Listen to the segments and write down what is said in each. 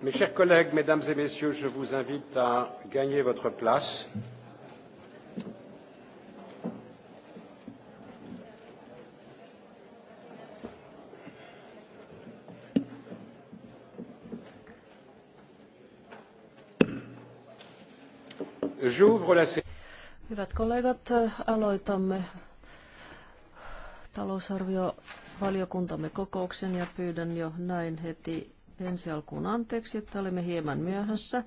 Mes chers collègues, mesdames et messieurs, je vous invite à gagner votre place. J'ouvre la séance. Hyvät kollegat, aloitamme talousarviovaliokuntamme kokouksen ja pyydän jo näin heti ensi alkuun anteeksi, että olemme hieman myöhässä.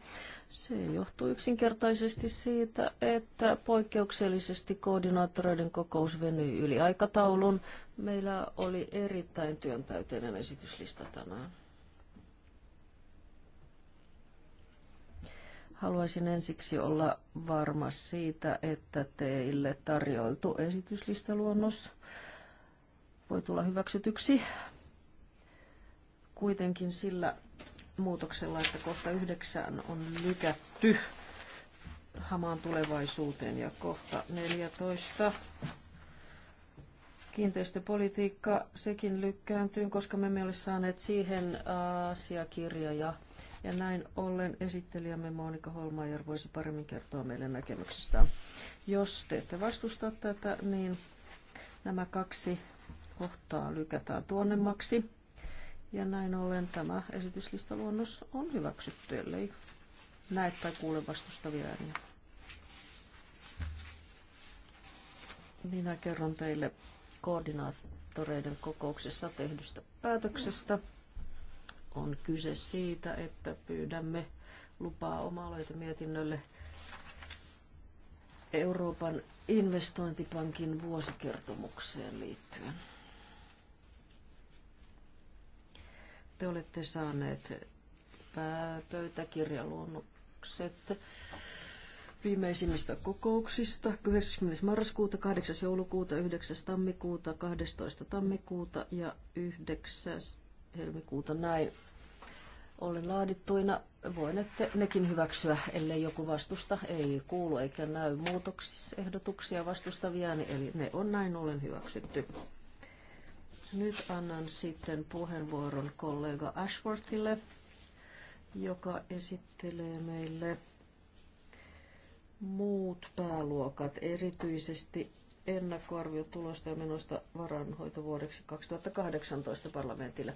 Se johtuu yksinkertaisesti siitä, että poikkeuksellisesti koordinaattoreiden kokous venyi yli aikataulun. Meillä oli erittäin työntäyteinen esityslista tänään. Haluaisin ensiksi olla varma siitä, että teille tarjoiltu esityslistaluonnos voi tulla hyväksytyksi kuitenkin sillä muutoksella, että kohta yhdeksään on lykätty hamaan tulevaisuuteen ja kohta 14 kiinteistöpolitiikka, sekin lykkääntyy, koska me emme ole saaneet siihen asiakirjoja. Ja näin ollen esittelijämme Monika Holmaier voisi paremmin kertoa meille näkemyksestään. Jos te ette vastusta tätä, niin nämä kaksi kohtaa lykätään tuonnemmaksi. Ja näin ollen tämä esityslistaluonnos on hyväksytty, ellei näe tai kuule vastustavia ääniä. Minä kerron teille koordinaattoreiden kokouksessa tehdystä päätöksestä. On kyse siitä, että pyydämme lupaa oma mietinnölle Euroopan investointipankin vuosikertomukseen liittyen. Te olette saaneet pöytäkirjaluonnokset viimeisimmistä kokouksista 90. marraskuuta, 8. joulukuuta, 9. tammikuuta, 12. tammikuuta ja 9. helmikuuta näin olen laadittuina. Voinette nekin hyväksyä, ellei joku vastusta ei kuulu eikä näy muutoksia, ehdotuksia vastustavia, niin eli ne on näin ollen hyväksytty. Nyt annan sitten puheenvuoron kollega Ashworthille, joka esittelee meille muut pääluokat, erityisesti ennakkoarvio tulosta ja menosta varanhoitovuodeksi 2018 parlamentille.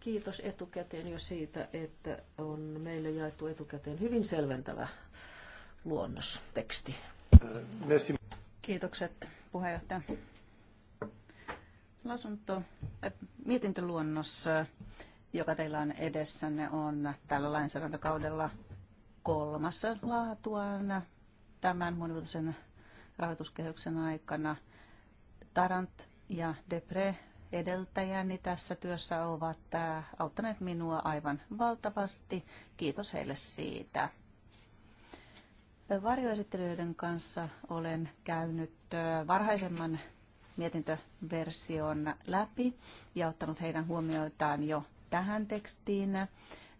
Kiitos etukäteen jo siitä, että on meille jaettu etukäteen hyvin selventävä luonnosteksti. Kiitokset puheenjohtaja lausunto, äh, mietintöluonnos, äh, joka teillä on edessänne, on tällä lainsäädäntökaudella kolmas laatuaan tämän monivuotisen rahoituskehyksen aikana. Tarant ja Depre edeltäjäni tässä työssä ovat äh, auttaneet minua aivan valtavasti. Kiitos heille siitä. Varjoesittelijöiden kanssa olen käynyt varhaisemman mietintöversion läpi ja ottanut heidän huomioitaan jo tähän tekstiin,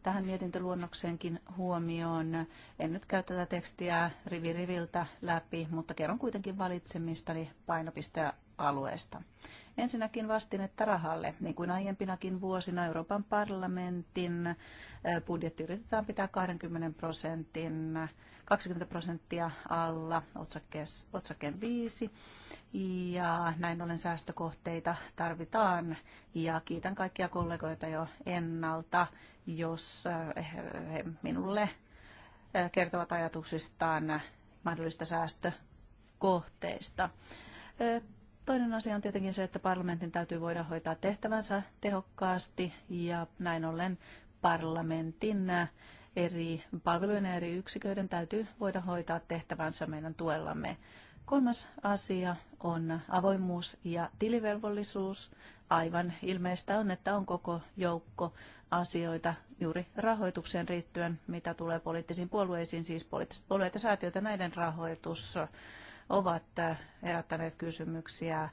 tähän mietintöluonnokseenkin huomioon. En nyt käy tätä tekstiä riviriviltä läpi, mutta kerron kuitenkin valitsemistani ja alueesta. Ensinnäkin vastinetta rahalle. Niin kuin aiempinakin vuosina Euroopan parlamentin budjetti yritetään pitää 20 prosentin 20 prosenttia alla otsakkeen 5. Ja näin ollen säästökohteita tarvitaan. Ja kiitän kaikkia kollegoita jo ennalta, jos he minulle kertovat ajatuksistaan mahdollista säästökohteista. Toinen asia on tietenkin se, että parlamentin täytyy voida hoitaa tehtävänsä tehokkaasti ja näin ollen parlamentin eri palvelujen ja eri yksiköiden täytyy voida hoitaa tehtävänsä meidän tuellamme. Kolmas asia on avoimuus ja tilivelvollisuus. Aivan ilmeistä on, että on koko joukko asioita juuri rahoitukseen riittyen, mitä tulee poliittisiin puolueisiin, siis poliittiset puolueet ja säätiöt ja näiden rahoitus ovat äh, herättäneet kysymyksiä äh,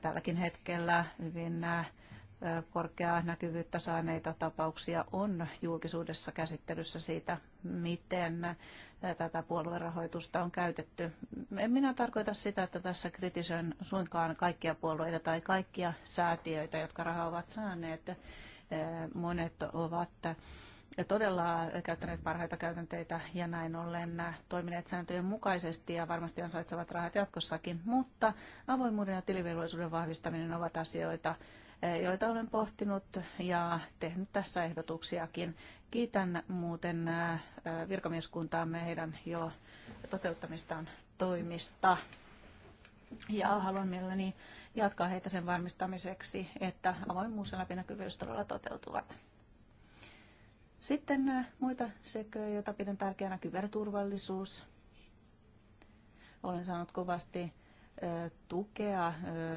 tälläkin hetkellä hyvin äh, korkeaa näkyvyyttä saaneita tapauksia on julkisuudessa käsittelyssä siitä, miten tätä puoluerahoitusta on käytetty. En minä tarkoita sitä, että tässä kritisoin suinkaan kaikkia puolueita tai kaikkia säätiöitä, jotka rahaa ovat saaneet. Monet ovat ja todella käyttäneet parhaita käytänteitä ja näin ollen toimineet sääntöjen mukaisesti ja varmasti ansaitsevat rahat jatkossakin. Mutta avoimuuden ja tilivelvollisuuden vahvistaminen ovat asioita, eh, joita olen pohtinut ja tehnyt tässä ehdotuksiakin. Kiitän muuten eh, virkamieskuntaamme heidän jo toteuttamistaan toimista. Ja haluan mielelläni jatkaa heitä sen varmistamiseksi, että avoimuus ja läpinäkyvyys todella toteutuvat. Sitten äh, muita sekä, joita pidän tärkeänä, kyberturvallisuus. Olen saanut kovasti äh, tukea äh,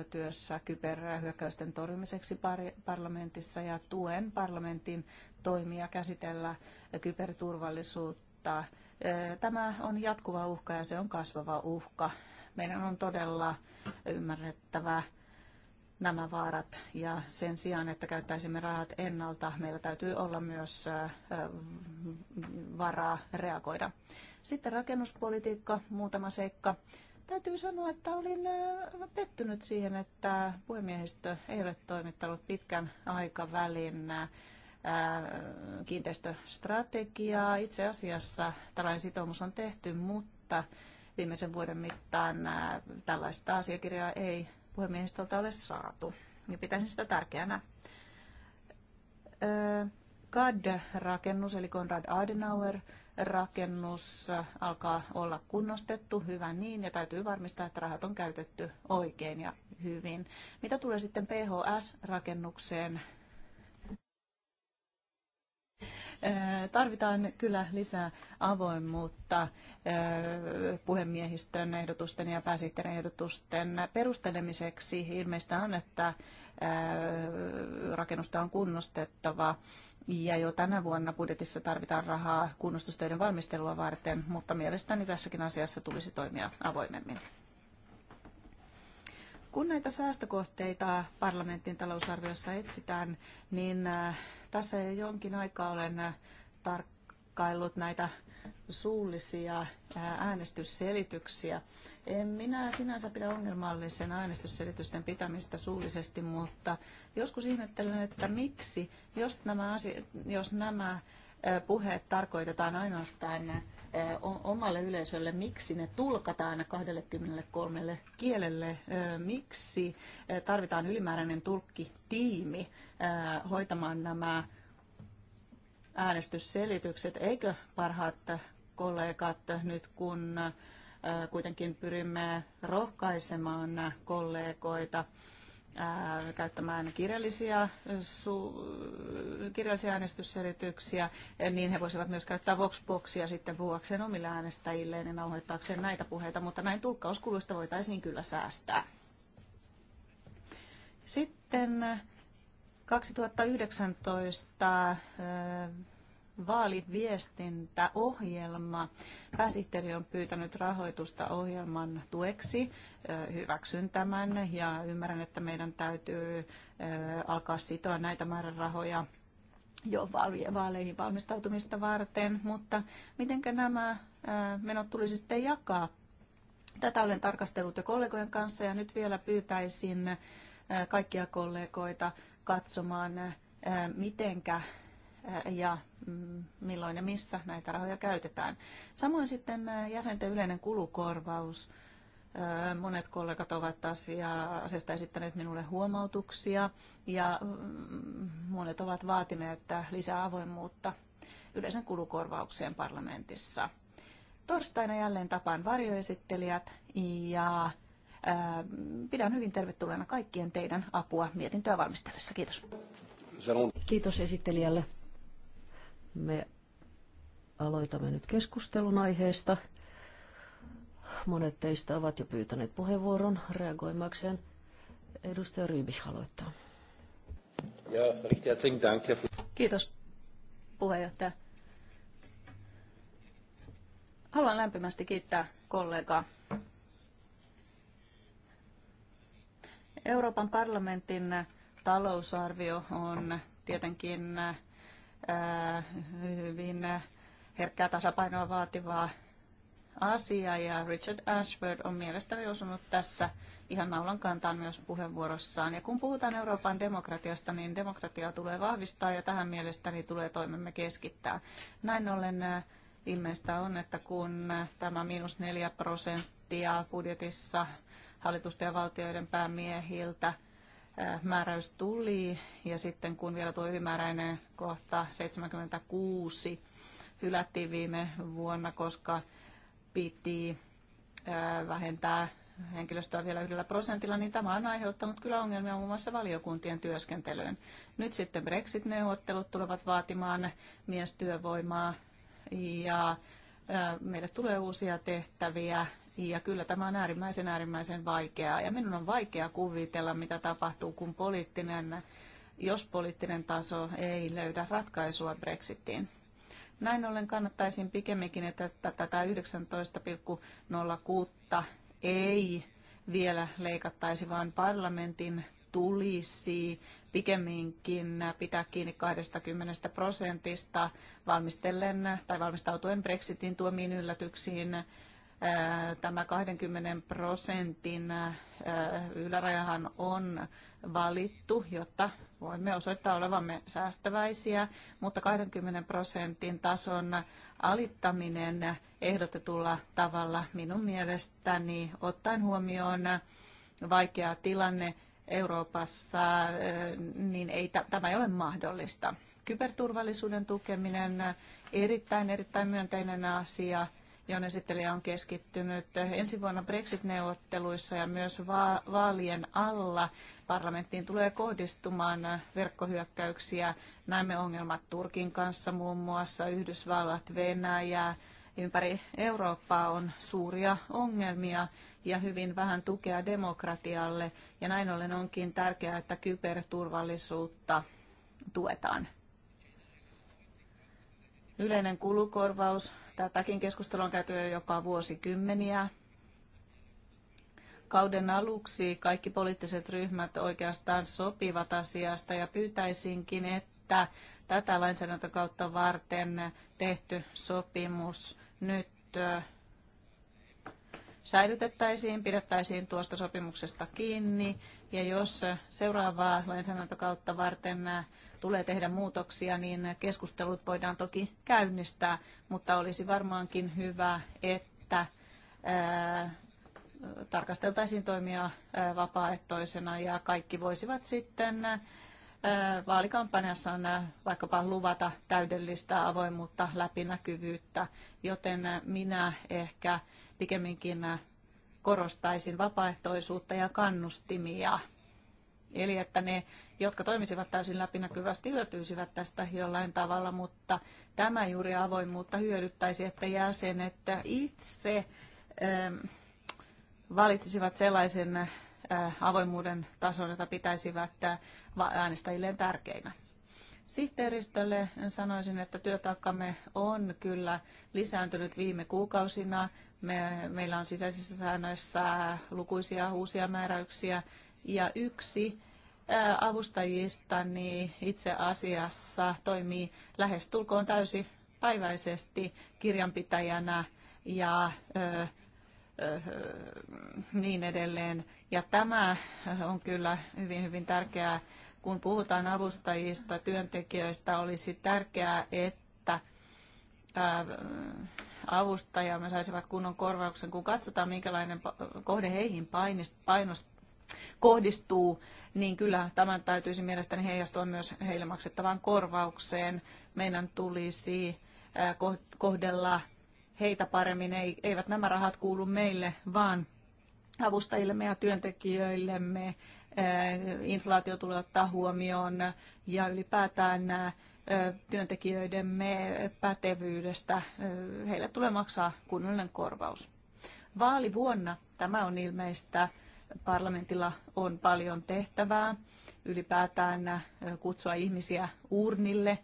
työssä kyberhyökkäysten torjumiseksi parlamentissa ja tuen parlamentin toimia käsitellä kyberturvallisuutta. Tämä on jatkuva uhka ja se on kasvava uhka. Meidän on todella ymmärrettävä nämä vaarat ja sen sijaan, että käyttäisimme rahat ennalta, meillä täytyy olla myös varaa reagoida. Sitten rakennuspolitiikka, muutama seikka. Täytyy sanoa, että olin pettynyt siihen, että puhemiehistö ei ole toimittanut pitkän aikavälin kiinteistöstrategiaa. Itse asiassa tällainen sitoumus on tehty, mutta viimeisen vuoden mittaan tällaista asiakirjaa ei puhemiehistöltä ole saatu. Ja niin pitäisin sitä tärkeänä. CAD-rakennus eli Konrad Adenauer rakennus alkaa olla kunnostettu, hyvä niin, ja täytyy varmistaa, että rahat on käytetty oikein ja hyvin. Mitä tulee sitten PHS-rakennukseen? Tarvitaan kyllä lisää avoimuutta puhemiehistön ehdotusten ja pääsihteerin ehdotusten perustelemiseksi. Ilmeistä on, että rakennusta on kunnostettava. Ja jo tänä vuonna budjetissa tarvitaan rahaa kunnostustöiden valmistelua varten, mutta mielestäni tässäkin asiassa tulisi toimia avoimemmin. Kun näitä säästökohteita parlamentin talousarviossa etsitään, niin tässä jo jonkin aikaa olen äh, tarkkaillut näitä suullisia äh, äänestysselityksiä. En minä sinänsä pidä ongelmallisen äänestysselitysten pitämistä suullisesti, mutta joskus ihmettelen, että miksi, jos nämä, asiat, jos nämä äh, puheet tarkoitetaan ainoastaan omalle yleisölle, miksi ne tulkataan 23 kielelle, miksi tarvitaan ylimääräinen tulkkitiimi hoitamaan nämä äänestysselitykset, eikö parhaat kollegat nyt kun kuitenkin pyrimme rohkaisemaan kollegoita Äh, käyttämään kirjallisia, su, kirjallisia äänestysselityksiä, niin he voisivat myös käyttää Voxboxia sitten puhuakseen omille äänestäjilleen ja nauhoittaakseen näitä puheita, mutta näin tulkkauskuluista voitaisiin kyllä säästää. Sitten 2019 äh, vaaliviestintäohjelma. Pääsihteeri on pyytänyt rahoitusta ohjelman tueksi. Hyväksyn tämän ja ymmärrän, että meidän täytyy alkaa sitoa näitä määrärahoja jo vaaleihin valmistautumista varten, mutta mitenkä nämä menot tulisi sitten jakaa? Tätä olen tarkastellut jo kollegojen kanssa ja nyt vielä pyytäisin kaikkia kollegoita katsomaan, mitenkä ja mm, milloin ja missä näitä rahoja käytetään. Samoin sitten jäsenten yleinen kulukorvaus. Monet kollegat ovat asiaa, asiasta esittäneet minulle huomautuksia ja mm, monet ovat vaatineet lisää avoimuutta yleisen kulukorvaukseen parlamentissa. Torstaina jälleen tapaan varjoesittelijät ja pidän hyvin tervetulleena kaikkien teidän apua mietintöä valmistellessa. Kiitos. Kiitos esittelijälle. Me aloitamme nyt keskustelun aiheesta. Monet teistä ovat jo pyytäneet puheenvuoron reagoimakseen. Edustaja Ryybi aloittaa. Kiitos puheenjohtaja. Haluan lämpimästi kiittää kollegaa. Euroopan parlamentin talousarvio on tietenkin Äh, hyvin herkkää tasapainoa vaativaa asiaa ja Richard Ashford on mielestäni osunut tässä ihan naulan kantaan myös puheenvuorossaan. Ja kun puhutaan Euroopan demokratiasta, niin demokratiaa tulee vahvistaa ja tähän mielestäni tulee toimemme keskittää. Näin ollen äh, ilmeistä on, että kun tämä miinus neljä prosenttia budjetissa hallitusten ja valtioiden päämiehiltä – määräys tuli ja sitten kun vielä tuo ylimääräinen kohta 76 hylättiin viime vuonna, koska piti vähentää henkilöstöä vielä yhdellä prosentilla, niin tämä on aiheuttanut kyllä ongelmia muun muassa valiokuntien työskentelyyn. Nyt sitten Brexit-neuvottelut tulevat vaatimaan miestyövoimaa ja meille tulee uusia tehtäviä ja kyllä tämä on äärimmäisen äärimmäisen vaikeaa. Ja minun on vaikea kuvitella, mitä tapahtuu, kun poliittinen, jos poliittinen taso ei löydä ratkaisua Brexitiin. Näin ollen kannattaisin pikemminkin, että tätä 19,06 ei vielä leikattaisi, vaan parlamentin tulisi pikemminkin pitää kiinni 20 prosentista valmistellen tai valmistautuen Brexitin tuomiin yllätyksiin Tämä 20 prosentin ylärajahan on valittu, jotta voimme osoittaa olevamme säästäväisiä, mutta 20 prosentin tason alittaminen ehdotetulla tavalla minun mielestäni ottaen huomioon vaikea tilanne Euroopassa, niin ei, tämä ei ole mahdollista. Kyberturvallisuuden tukeminen erittäin, erittäin myönteinen asia – jonne esittelijä on keskittynyt. Ensi vuonna Brexit-neuvotteluissa ja myös vaalien alla parlamenttiin tulee kohdistumaan verkkohyökkäyksiä. Näemme ongelmat Turkin kanssa muun muassa, Yhdysvallat, Venäjä, ympäri Eurooppaa on suuria ongelmia ja hyvin vähän tukea demokratialle. Ja näin ollen onkin tärkeää, että kyberturvallisuutta tuetaan. Yleinen kulukorvaus Tätäkin keskustelua on käyty jo jopa vuosikymmeniä. Kauden aluksi kaikki poliittiset ryhmät oikeastaan sopivat asiasta ja pyytäisinkin, että tätä lainsäädäntökautta varten tehty sopimus nyt säilytettäisiin, pidettäisiin tuosta sopimuksesta kiinni. Ja jos seuraavaa lainsäädäntökautta varten tulee tehdä muutoksia, niin keskustelut voidaan toki käynnistää, mutta olisi varmaankin hyvä, että tarkasteltaisiin toimia vapaaehtoisena ja kaikki voisivat sitten on vaikkapa luvata täydellistä avoimuutta, läpinäkyvyyttä, joten minä ehkä pikemminkin korostaisin vapaaehtoisuutta ja kannustimia Eli että ne, jotka toimisivat täysin läpinäkyvästi, hyötyisivät tästä jollain tavalla, mutta tämä juuri avoimuutta hyödyttäisi, että jäsenet itse ähm, valitsisivat sellaisen äh, avoimuuden tason, jota pitäisivät äh, äänestäjilleen tärkeinä. Sihteeristölle sanoisin, että työtaakkamme on kyllä lisääntynyt viime kuukausina. Me, meillä on sisäisissä säännöissä lukuisia uusia määräyksiä ja yksi niin itse asiassa toimii lähestulkoon täysipäiväisesti kirjanpitäjänä ja niin edelleen. Ja tämä on kyllä hyvin, hyvin tärkeää, kun puhutaan avustajista, työntekijöistä, olisi tärkeää, että avustajamme saisivat kunnon korvauksen, kun katsotaan, minkälainen kohde heihin kohdistuu, niin kyllä tämän täytyisi mielestäni heijastua myös heille maksettavaan korvaukseen. Meidän tulisi kohdella heitä paremmin. Eivät nämä rahat kuulu meille, vaan avustajillemme ja työntekijöillemme. Inflaatio tulee ottaa huomioon ja ylipäätään työntekijöidemme pätevyydestä. Heille tulee maksaa kunnollinen korvaus. Vaalivuonna tämä on ilmeistä parlamentilla on paljon tehtävää ylipäätään äh, kutsua ihmisiä urnille.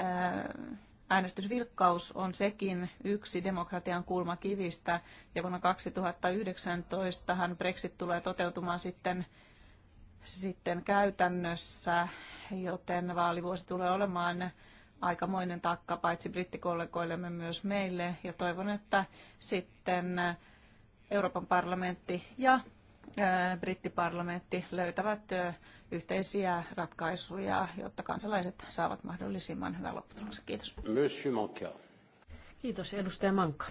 Äh, äänestysvilkkaus on sekin yksi demokratian kulmakivistä ja vuonna 2019 Brexit tulee toteutumaan sitten, sitten käytännössä, joten vaalivuosi tulee olemaan aikamoinen takka paitsi brittikollegoillemme myös meille ja toivon, että sitten Euroopan parlamentti ja brittiparlamentti löytävät yhteisiä ratkaisuja, jotta kansalaiset saavat mahdollisimman hyvän lopputuloksen. Kiitos. Monsieur Manka. Kiitos, edustaja Manka.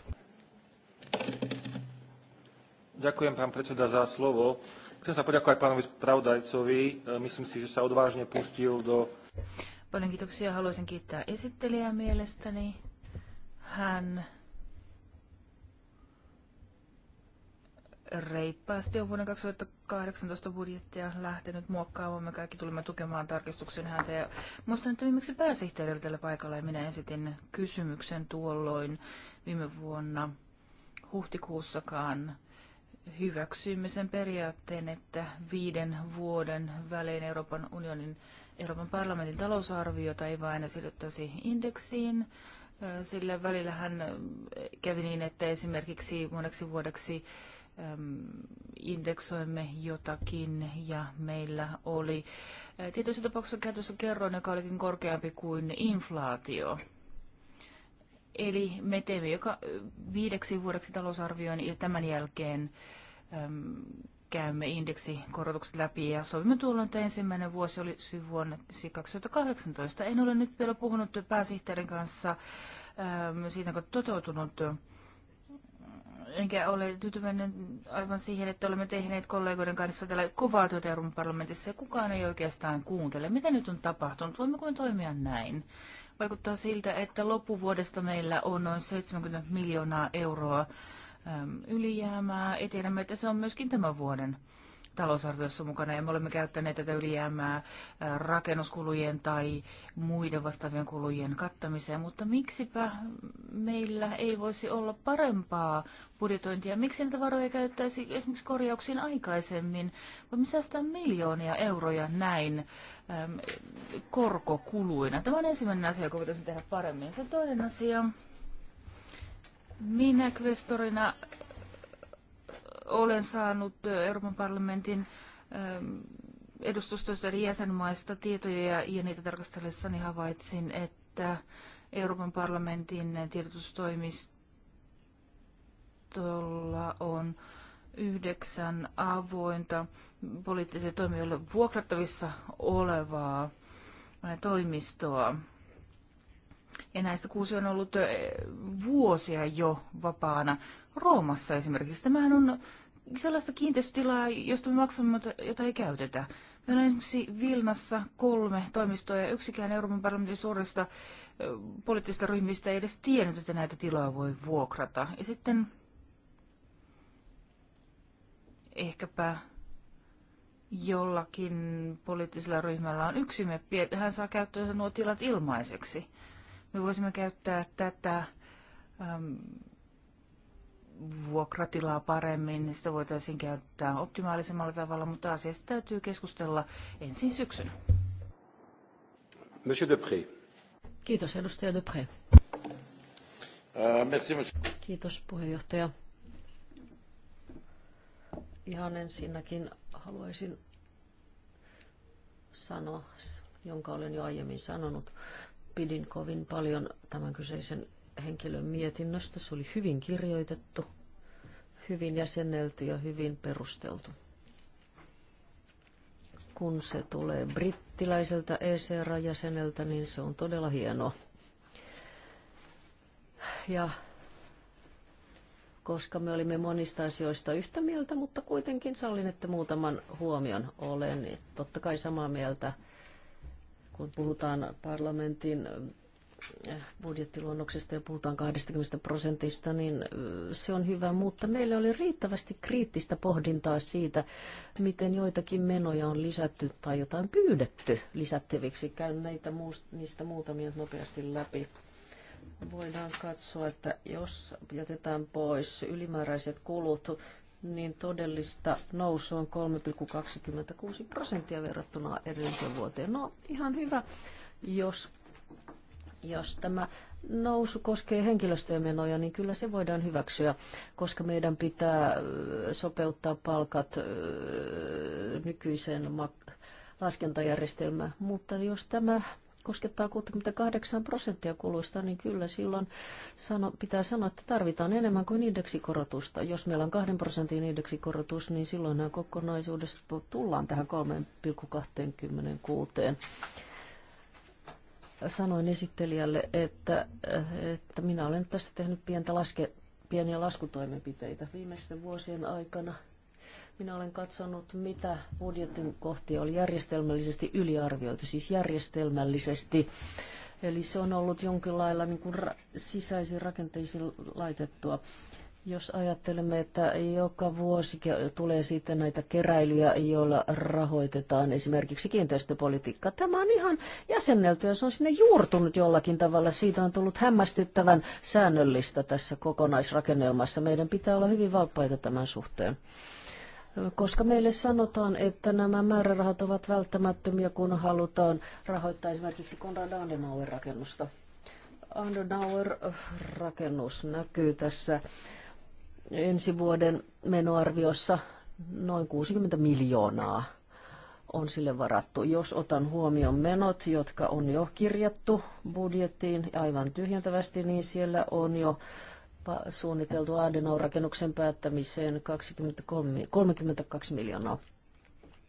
Ďakujem, pán predseda, za slovo. Chcem sa poďakovať pánovi spravodajcovi. E, myslím si, že sa odvážne pustil do... Paljon kiitoksia. Haluaisin kiittää esittelijää mielestäni. Hän reippaasti on vuonna 2018 budjettia lähtenyt muokkaamaan. Me kaikki tulimme tukemaan tarkistuksen häntä. Ja muistan, että viimeksi pääsihteeri oli tällä paikalla ja minä esitin kysymyksen tuolloin viime vuonna huhtikuussakaan hyväksyimme sen periaatteen, että viiden vuoden välein Euroopan unionin Euroopan parlamentin talousarviota ei vain sidottaisi indeksiin, sillä välillähän kävi niin, että esimerkiksi moneksi vuodeksi indeksoimme jotakin ja meillä oli tietyissä tapauksessa käytössä kerroin, joka olikin korkeampi kuin inflaatio. Eli me teemme joka viideksi vuodeksi talousarvioon ja tämän jälkeen äm, käymme indeksikorotukset läpi ja sovimme tuolloin, että ensimmäinen vuosi oli vuonna 2018. En ole nyt vielä puhunut pääsihteerin kanssa äm, siitä, kun toteutunut enkä ole tyytyväinen aivan siihen, että olemme tehneet kollegoiden kanssa tällä kovaa työtä Euroopan parlamentissa ja kukaan ei oikeastaan kuuntele. Mitä nyt on tapahtunut? Voimmeko me toimia näin? Vaikuttaa siltä, että loppuvuodesta meillä on noin 70 miljoonaa euroa ylijäämää. Ja tiedämme, että se on myöskin tämän vuoden talousarviossa mukana ja me olemme käyttäneet tätä ylijäämää rakennuskulujen tai muiden vastaavien kulujen kattamiseen, mutta miksipä meillä ei voisi olla parempaa budjetointia? Miksi niitä varoja käyttäisi esimerkiksi korjauksiin aikaisemmin? Voimme säästää miljoonia euroja näin äm, korkokuluina. Tämä on ensimmäinen asia, joka voitaisiin tehdä paremmin. Se toinen asia, minä kvestorina olen saanut Euroopan parlamentin edustustoista eri jäsenmaista tietoja ja niitä tarkastellessani havaitsin, että Euroopan parlamentin tiedotustoimistolla on yhdeksän avointa poliittisille toimijoille vuokrattavissa olevaa toimistoa. Ja näistä kuusi on ollut vuosia jo vapaana Roomassa esimerkiksi. Tämähän on sellaista kiinteistötilaa, josta me maksamme, jota ei käytetä. Meillä on esimerkiksi Vilnassa kolme toimistoa ja yksikään Euroopan parlamentin suurista poliittisista ryhmistä ei edes tiennyt, että näitä tiloja voi vuokrata. Ja sitten ehkäpä jollakin poliittisella ryhmällä on yksi meppi, hän saa käyttöönsä nuo tilat ilmaiseksi. Me voisimme käyttää tätä äm, vuokratilaa paremmin, niin sitä voitaisiin käyttää optimaalisemmalla tavalla, mutta asiasta täytyy keskustella ensin syksynä. Monsieur Dupré. Kiitos, edustaja Dupré. Uh, äh, merci, monsieur. Kiitos, puheenjohtaja. Ihan ensinnäkin haluaisin sanoa, jonka olen jo aiemmin sanonut pidin kovin paljon tämän kyseisen henkilön mietinnöstä. Se oli hyvin kirjoitettu, hyvin jäsennelty ja hyvin perusteltu. Kun se tulee brittiläiseltä ECR-jäseneltä, niin se on todella hienoa. Ja koska me olimme monista asioista yhtä mieltä, mutta kuitenkin sallin, että muutaman huomion olen. Niin totta kai samaa mieltä kun puhutaan parlamentin eh, budjettiluonnoksesta ja puhutaan 20 prosentista, niin eh, se on hyvä, mutta meillä oli riittävästi kriittistä pohdintaa siitä, miten joitakin menoja on lisätty tai jotain pyydetty lisättäviksi. Käyn näitä niistä muutamia nopeasti läpi. Voidaan katsoa, että jos jätetään pois ylimääräiset kulut, niin todellista nousua on 3,26 prosenttia verrattuna edelliseen vuoteen. No ihan hyvä, jos, jos tämä nousu koskee henkilöstömenoja, niin kyllä se voidaan hyväksyä, koska meidän pitää sopeuttaa palkat nykyiseen laskentajärjestelmään. Mutta jos tämä koskettaa 68 prosenttia kuluista, niin kyllä silloin sano, pitää sanoa, että tarvitaan enemmän kuin indeksikorotusta. Jos meillä on 2 prosentin indeksikorotus, niin silloin nämä kokonaisuudessa tullaan tähän 3,26 sanoin esittelijälle, että, että minä olen tässä tehnyt pientä laske, pieniä laskutoimenpiteitä viimeisten vuosien aikana – minä olen katsonut, mitä budjetin kohti oli järjestelmällisesti yliarvioitu, siis järjestelmällisesti. Eli se on ollut jonkin lailla niin kuin ra- sisäisiin rakenteisiin laitettua. Jos ajattelemme, että joka vuosi tulee sitten näitä keräilyjä, joilla rahoitetaan esimerkiksi kiinteistöpolitiikka, Tämä on ihan jäsennelty ja se on sinne juurtunut jollakin tavalla. Siitä on tullut hämmästyttävän säännöllistä tässä kokonaisrakennelmassa. Meidän pitää olla hyvin valppaita tämän suhteen koska meille sanotaan, että nämä määrärahat ovat välttämättömiä, kun halutaan rahoittaa esimerkiksi Konrad Adenauer-rakennusta. Adenauer-rakennus äh, näkyy tässä ensi vuoden menoarviossa noin 60 miljoonaa on sille varattu. Jos otan huomioon menot, jotka on jo kirjattu budjettiin aivan tyhjentävästi, niin siellä on jo suunniteltu Adenau-rakennuksen päättämiseen 23, 32 miljoonaa.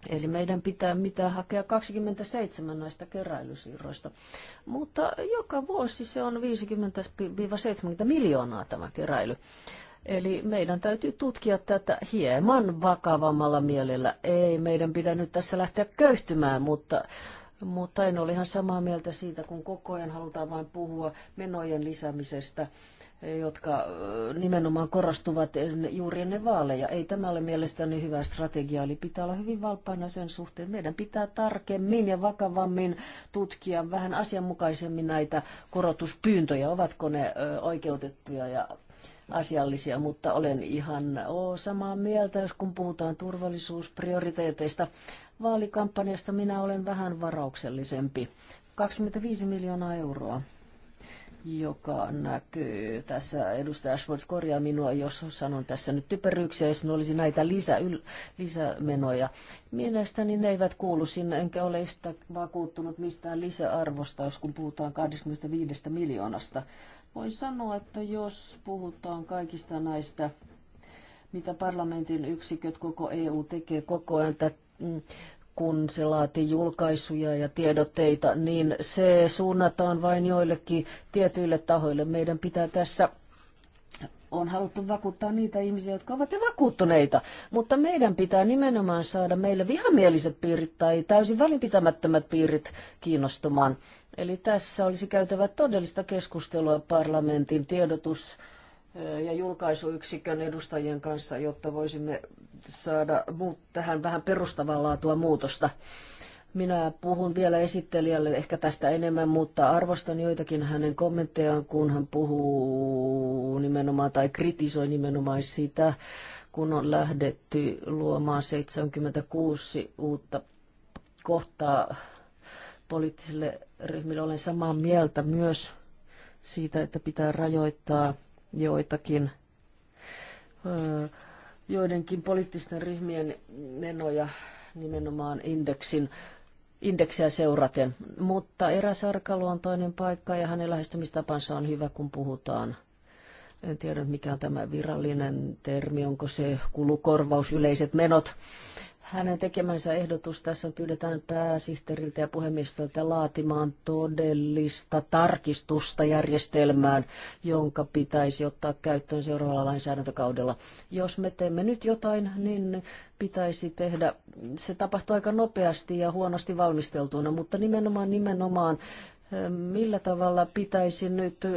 Eli meidän pitää mitä hakea 27 näistä keräilysiirroista. Mutta joka vuosi se on 50-70 miljoonaa tämä keräily. Eli meidän täytyy tutkia tätä hieman vakavammalla mielellä. Ei meidän pidä nyt tässä lähteä köyhtymään, mutta, mutta en ole ihan samaa mieltä siitä, kun koko ajan halutaan vain puhua menojen lisäämisestä jotka nimenomaan korostuvat juuri ennen vaaleja. Ei tämä ole mielestäni hyvä strategia, eli pitää olla hyvin valppaana sen suhteen. Meidän pitää tarkemmin ja vakavammin tutkia vähän asianmukaisemmin näitä korotuspyyntöjä, ovatko ne oikeutettuja ja asiallisia, mutta olen ihan samaa mieltä, jos kun puhutaan turvallisuusprioriteeteista. Vaalikampanjasta minä olen vähän varauksellisempi. 25 miljoonaa euroa joka näkyy tässä. Edustaja Schwartz, korjaa minua, jos sanon tässä nyt typeryyksiä, jos ne olisi näitä lisä, yl, lisämenoja. Mielestäni ne eivät kuulu sinne, enkä ole yhtä vakuuttunut mistään lisäarvosta, jos kun puhutaan 25 miljoonasta. Voin sanoa, että jos puhutaan kaikista näistä, mitä parlamentin yksiköt koko EU tekee koko ajan, mm, kun se laati julkaisuja ja tiedotteita, niin se suunnataan vain joillekin tietyille tahoille. Meidän pitää tässä on haluttu vakuuttaa niitä ihmisiä, jotka ovat jo vakuuttuneita. Mutta meidän pitää nimenomaan saada meille vihamieliset piirit tai täysin välinpitämättömät piirit kiinnostumaan. Eli tässä olisi käytävä todellista keskustelua parlamentin tiedotus- ja julkaisuyksikön edustajien kanssa, jotta voisimme saada muut, tähän vähän perustavaa laatua muutosta. Minä puhun vielä esittelijälle ehkä tästä enemmän, mutta arvostan joitakin hänen kommenttejaan, kun hän puhuu nimenomaan tai kritisoi nimenomaan sitä, kun on lähdetty luomaan 76 uutta kohtaa poliittisille ryhmille. Olen samaa mieltä myös siitä, että pitää rajoittaa joitakin joidenkin poliittisten ryhmien menoja nimenomaan indeksin indeksiä seuraten. Mutta eräs on toinen paikka ja hänen lähestymistapansa on hyvä, kun puhutaan. En tiedä, mikä on tämä virallinen termi, onko se kulukorvaus, yleiset menot. Hänen tekemänsä ehdotus tässä pyydetään pääsihteeriltä ja puhemiestolta laatimaan todellista tarkistusta järjestelmään, jonka pitäisi ottaa käyttöön seuraavalla lainsäädäntökaudella. Jos me teemme nyt jotain, niin pitäisi tehdä, se tapahtuu aika nopeasti ja huonosti valmisteltuna, mutta nimenomaan nimenomaan eh, millä tavalla pitäisi nyt eh,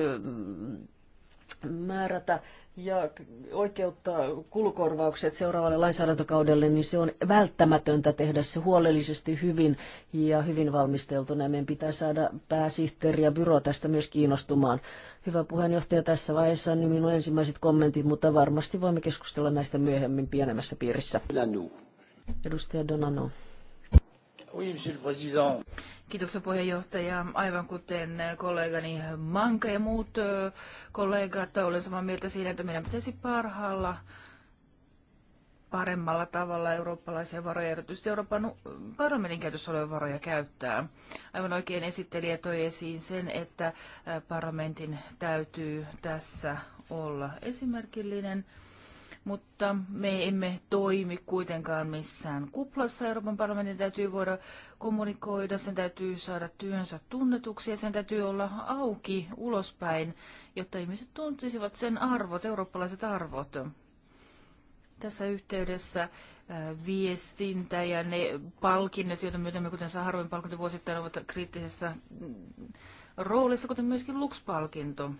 määrätä ja oikeuttaa kulukorvaukset seuraavalle lainsäädäntökaudelle, niin se on välttämätöntä tehdä se huolellisesti hyvin ja hyvin valmisteltuna. Meidän pitää saada pääsihteeri ja byro tästä myös kiinnostumaan. Hyvä puheenjohtaja, tässä vaiheessa niin minun ensimmäiset kommentit, mutta varmasti voimme keskustella näistä myöhemmin pienemmässä piirissä. Edustaja Donano. Kiitoksia puheenjohtaja. Aivan kuten kollegani Manka ja muut kollegat, olen samaa mieltä siinä, että meidän pitäisi parhaalla paremmalla tavalla eurooppalaisia varoja, erityisesti Euroopan parlamentin käytössä olevia varoja käyttää. Aivan oikein esittelijä toi esiin sen, että parlamentin täytyy tässä olla esimerkillinen mutta me emme toimi kuitenkaan missään kuplassa. Euroopan parlamentin täytyy voida kommunikoida, sen täytyy saada työnsä tunnetuksi ja sen täytyy olla auki ulospäin, jotta ihmiset tuntisivat sen arvot, eurooppalaiset arvot. Tässä yhteydessä viestintä ja ne palkinnot, joita myötämme, kuten Saharoin palkinto vuosittain, ovat kriittisessä roolissa, kuten myöskin Lux-palkinto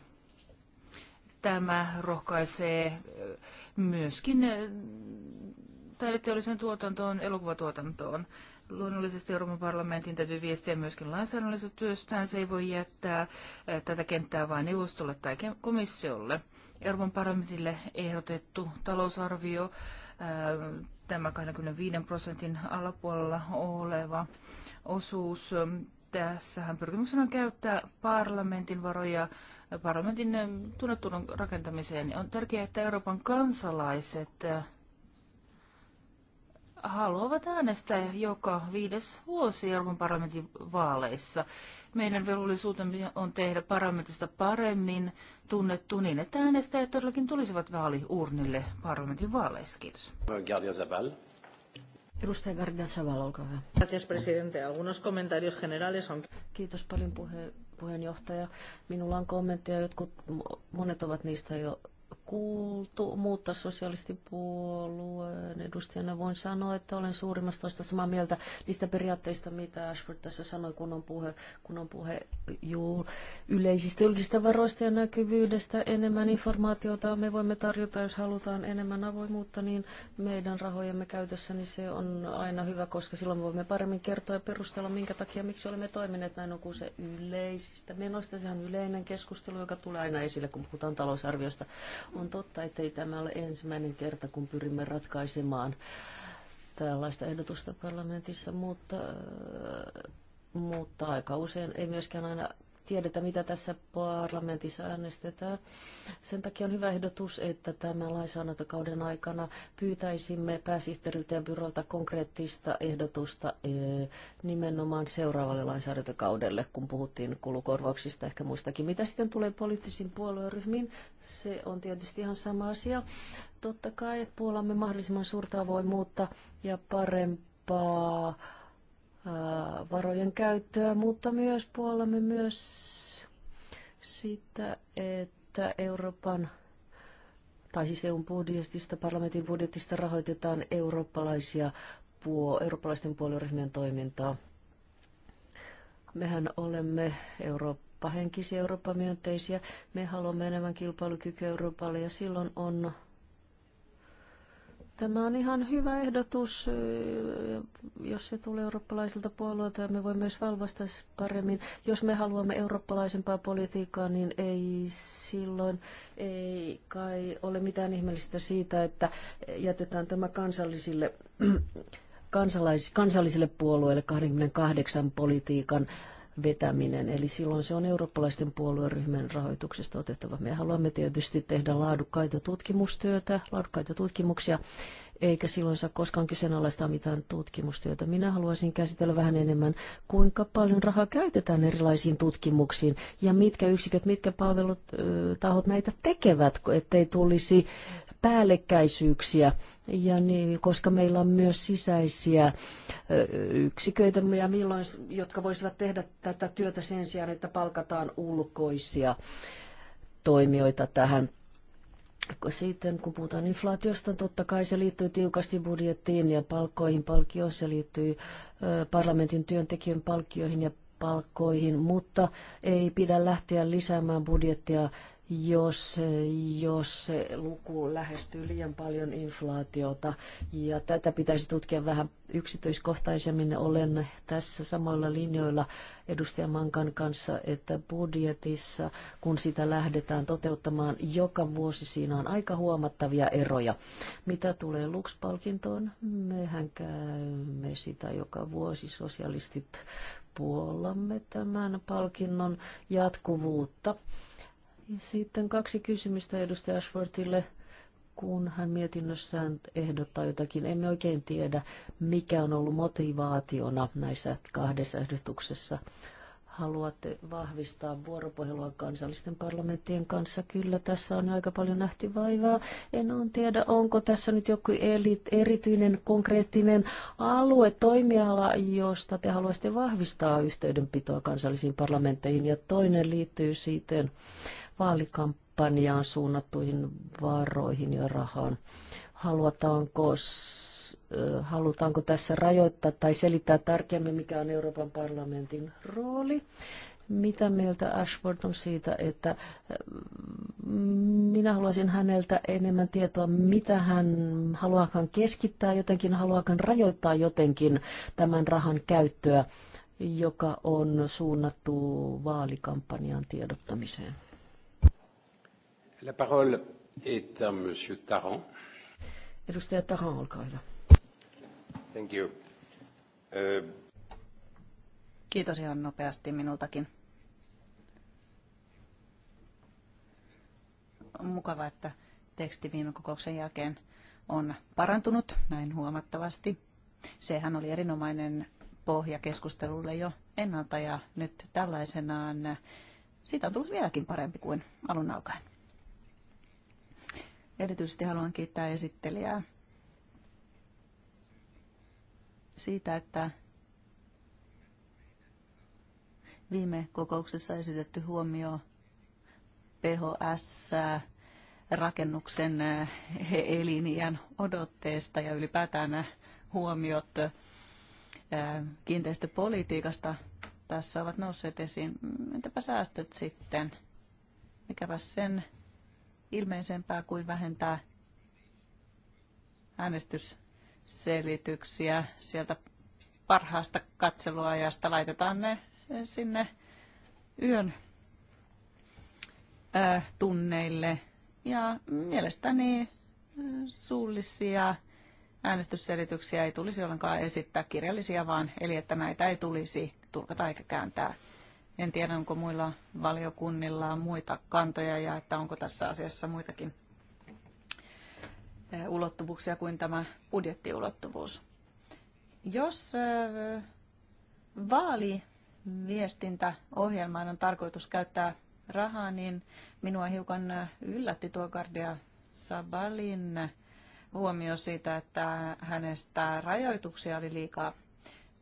tämä rohkaisee äh, myöskin äh, taideteolliseen tuotantoon, elokuvatuotantoon. Luonnollisesti Euroopan parlamentin täytyy viestiä myöskin lainsäädännöllisestä työstään. Se ei voi jättää äh, tätä kenttää vain neuvostolle tai komissiolle. Euroopan parlamentille ehdotettu talousarvio, tämä 25 prosentin alapuolella oleva osuus, ähm, tässähän pyrkimyksenä on käyttää parlamentin varoja parlamentin eh, tunnettuuden rakentamiseen. On tärkeää, että Euroopan kansalaiset eh, haluavat äänestää joka viides vuosi Euroopan parlamentin vaaleissa. Meidän velvollisuutemme on tehdä parlamentista paremmin tunnettu niin, että äänestäjät todellakin tulisivat vaaliurnille parlamentin vaaleissa. Kiitos. Edustaja Gardia Saval, olkaa hyvä. presidente. Algunos comentarios generales on... Kiitos paljon puhe, puheenjohtaja. Minulla on kommentteja, jotkut, monet ovat niistä jo kuultu, mutta sosialistipuolueen edustajana voin sanoa, että olen suurimmasta osasta samaa mieltä niistä periaatteista, mitä Ashford tässä sanoi, kun on puhe, kun on puhe juu, yleisistä julkisista varoista ja näkyvyydestä. Enemmän informaatiota me voimme tarjota, jos halutaan enemmän avoimuutta, niin meidän rahojemme käytössä, niin se on aina hyvä, koska silloin me voimme paremmin kertoa ja perustella, minkä takia, miksi olemme toimineet näin, on kuin se yleisistä menoista. Sehän on yleinen keskustelu, joka tulee aina esille, kun puhutaan talousarviosta. On totta, ettei tämä ole ensimmäinen kerta, kun pyrimme ratkaisemaan tällaista ehdotusta parlamentissa, mutta, mutta aika usein ei myöskään aina tiedetä, mitä tässä parlamentissa äänestetään. Sen takia on hyvä ehdotus, että tämän lainsäädäntökauden aikana pyytäisimme pääsihteeriltä ja byrolta konkreettista ehdotusta e, nimenomaan seuraavalle lainsäädäntökaudelle, kun puhuttiin kulukorvauksista ehkä muistakin. Mitä sitten tulee poliittisiin puolueryhmiin, se on tietysti ihan sama asia. Totta kai puolamme mahdollisimman suurta avoimuutta ja parempaa Äh, varojen käyttöä, mutta myös puolamme myös sitä, että Euroopan tai siis EUn budjetista, parlamentin budjetista rahoitetaan eurooppalaisia, puo, eurooppalaisten puolueryhmien toimintaa. Mehän olemme Eurooppa-henkisiä, Eurooppa-myönteisiä. Me haluamme enemmän kilpailukykyä Euroopalle ja silloin on Tämä on ihan hyvä ehdotus, jos se tulee eurooppalaisilta puolueilta ja me voimme myös valvoa sitä paremmin. Jos me haluamme eurooppalaisempaa politiikkaa, niin ei silloin ei kai ole mitään ihmeellistä siitä, että jätetään tämä kansallisille, kansalais, kansallisille puolueille 28 politiikan vetäminen. Eli silloin se on eurooppalaisten puolueryhmän rahoituksesta otettava. Me haluamme tietysti tehdä laadukkaita tutkimustyötä, laadukkaita tutkimuksia, eikä silloin saa koskaan kyseenalaistaa mitään tutkimustyötä. Minä haluaisin käsitellä vähän enemmän, kuinka paljon rahaa käytetään erilaisiin tutkimuksiin ja mitkä yksiköt, mitkä palvelut, tahot näitä tekevät, ettei tulisi päällekkäisyyksiä ja niin, koska meillä on myös sisäisiä yksiköitä, ja milloin, jotka voisivat tehdä tätä työtä sen sijaan, että palkataan ulkoisia toimijoita tähän sitten kun puhutaan inflaatiosta, niin totta kai se liittyy tiukasti budjettiin ja palkkoihin, palkkioon, se liittyy parlamentin työntekijöiden palkkioihin ja palkkoihin, mutta ei pidä lähteä lisäämään budjettia jos, jos se luku lähestyy liian paljon inflaatiota. Ja tätä pitäisi tutkia vähän yksityiskohtaisemmin. Olen tässä samoilla linjoilla edustaja Mankan kanssa, että budjetissa, kun sitä lähdetään toteuttamaan, joka vuosi siinä on aika huomattavia eroja. Mitä tulee Lux-palkintoon? Mehän käymme sitä joka vuosi sosialistit puolamme tämän palkinnon jatkuvuutta. Sitten kaksi kysymystä edustaja Ashfordille, kun hän mietinnössään ehdottaa jotakin. Emme oikein tiedä, mikä on ollut motivaationa näissä kahdessa ehdotuksessa. Haluatte vahvistaa vuoropuhelua kansallisten parlamenttien kanssa. Kyllä, tässä on aika paljon nähty vaivaa. En on tiedä, onko tässä nyt joku erityinen konkreettinen alue, toimiala, josta te haluaisitte vahvistaa yhteydenpitoa kansallisiin parlamentteihin. Ja toinen liittyy siihen, vaalikampanjaan suunnattuihin varoihin ja rahaan. Halutaanko, halutaanko tässä rajoittaa tai selittää tarkemmin, mikä on Euroopan parlamentin rooli? Mitä mieltä Ashford on siitä, että minä haluaisin häneltä enemmän tietoa, mitä hän haluaakaan keskittää jotenkin, haluaakaan rajoittaa jotenkin tämän rahan käyttöä, joka on suunnattu vaalikampanjan tiedottamiseen? La parole est à monsieur Taran. Edustaja Taran, olkaa hyvä. Thank you. Uh... Kiitos ihan nopeasti minultakin. On mukava, että teksti viime kokouksen jälkeen on parantunut näin huomattavasti. Sehän oli erinomainen pohja keskustelulle jo ennalta ja nyt tällaisenaan siitä on tullut vieläkin parempi kuin alun alkaen. Erityisesti haluan kiittää esittelijää siitä, että viime kokouksessa esitetty huomio PHS rakennuksen eh, eliniän odotteesta ja ylipäätään huomiot eh, kiinteistöpolitiikasta tässä ovat nousseet esiin. Mm, entäpä säästöt sitten? Mikäpä sen ilmeisempää kuin vähentää äänestysselityksiä sieltä parhaasta katseluajasta. Laitetaan ne sinne yön ö, tunneille. Ja mielestäni suullisia äänestysselityksiä ei tulisi ollenkaan esittää kirjallisia, vaan eli että näitä ei tulisi tulkata eikä kääntää en tiedä, onko muilla valiokunnilla muita kantoja ja että onko tässä asiassa muitakin eh, ulottuvuuksia kuin tämä budjettiulottuvuus. Jos eh, vaaliviestintäohjelmaan on tarkoitus käyttää rahaa, niin minua hiukan eh, yllätti tuo Gardia Sabalin huomio siitä, että hänestä rajoituksia oli liikaa.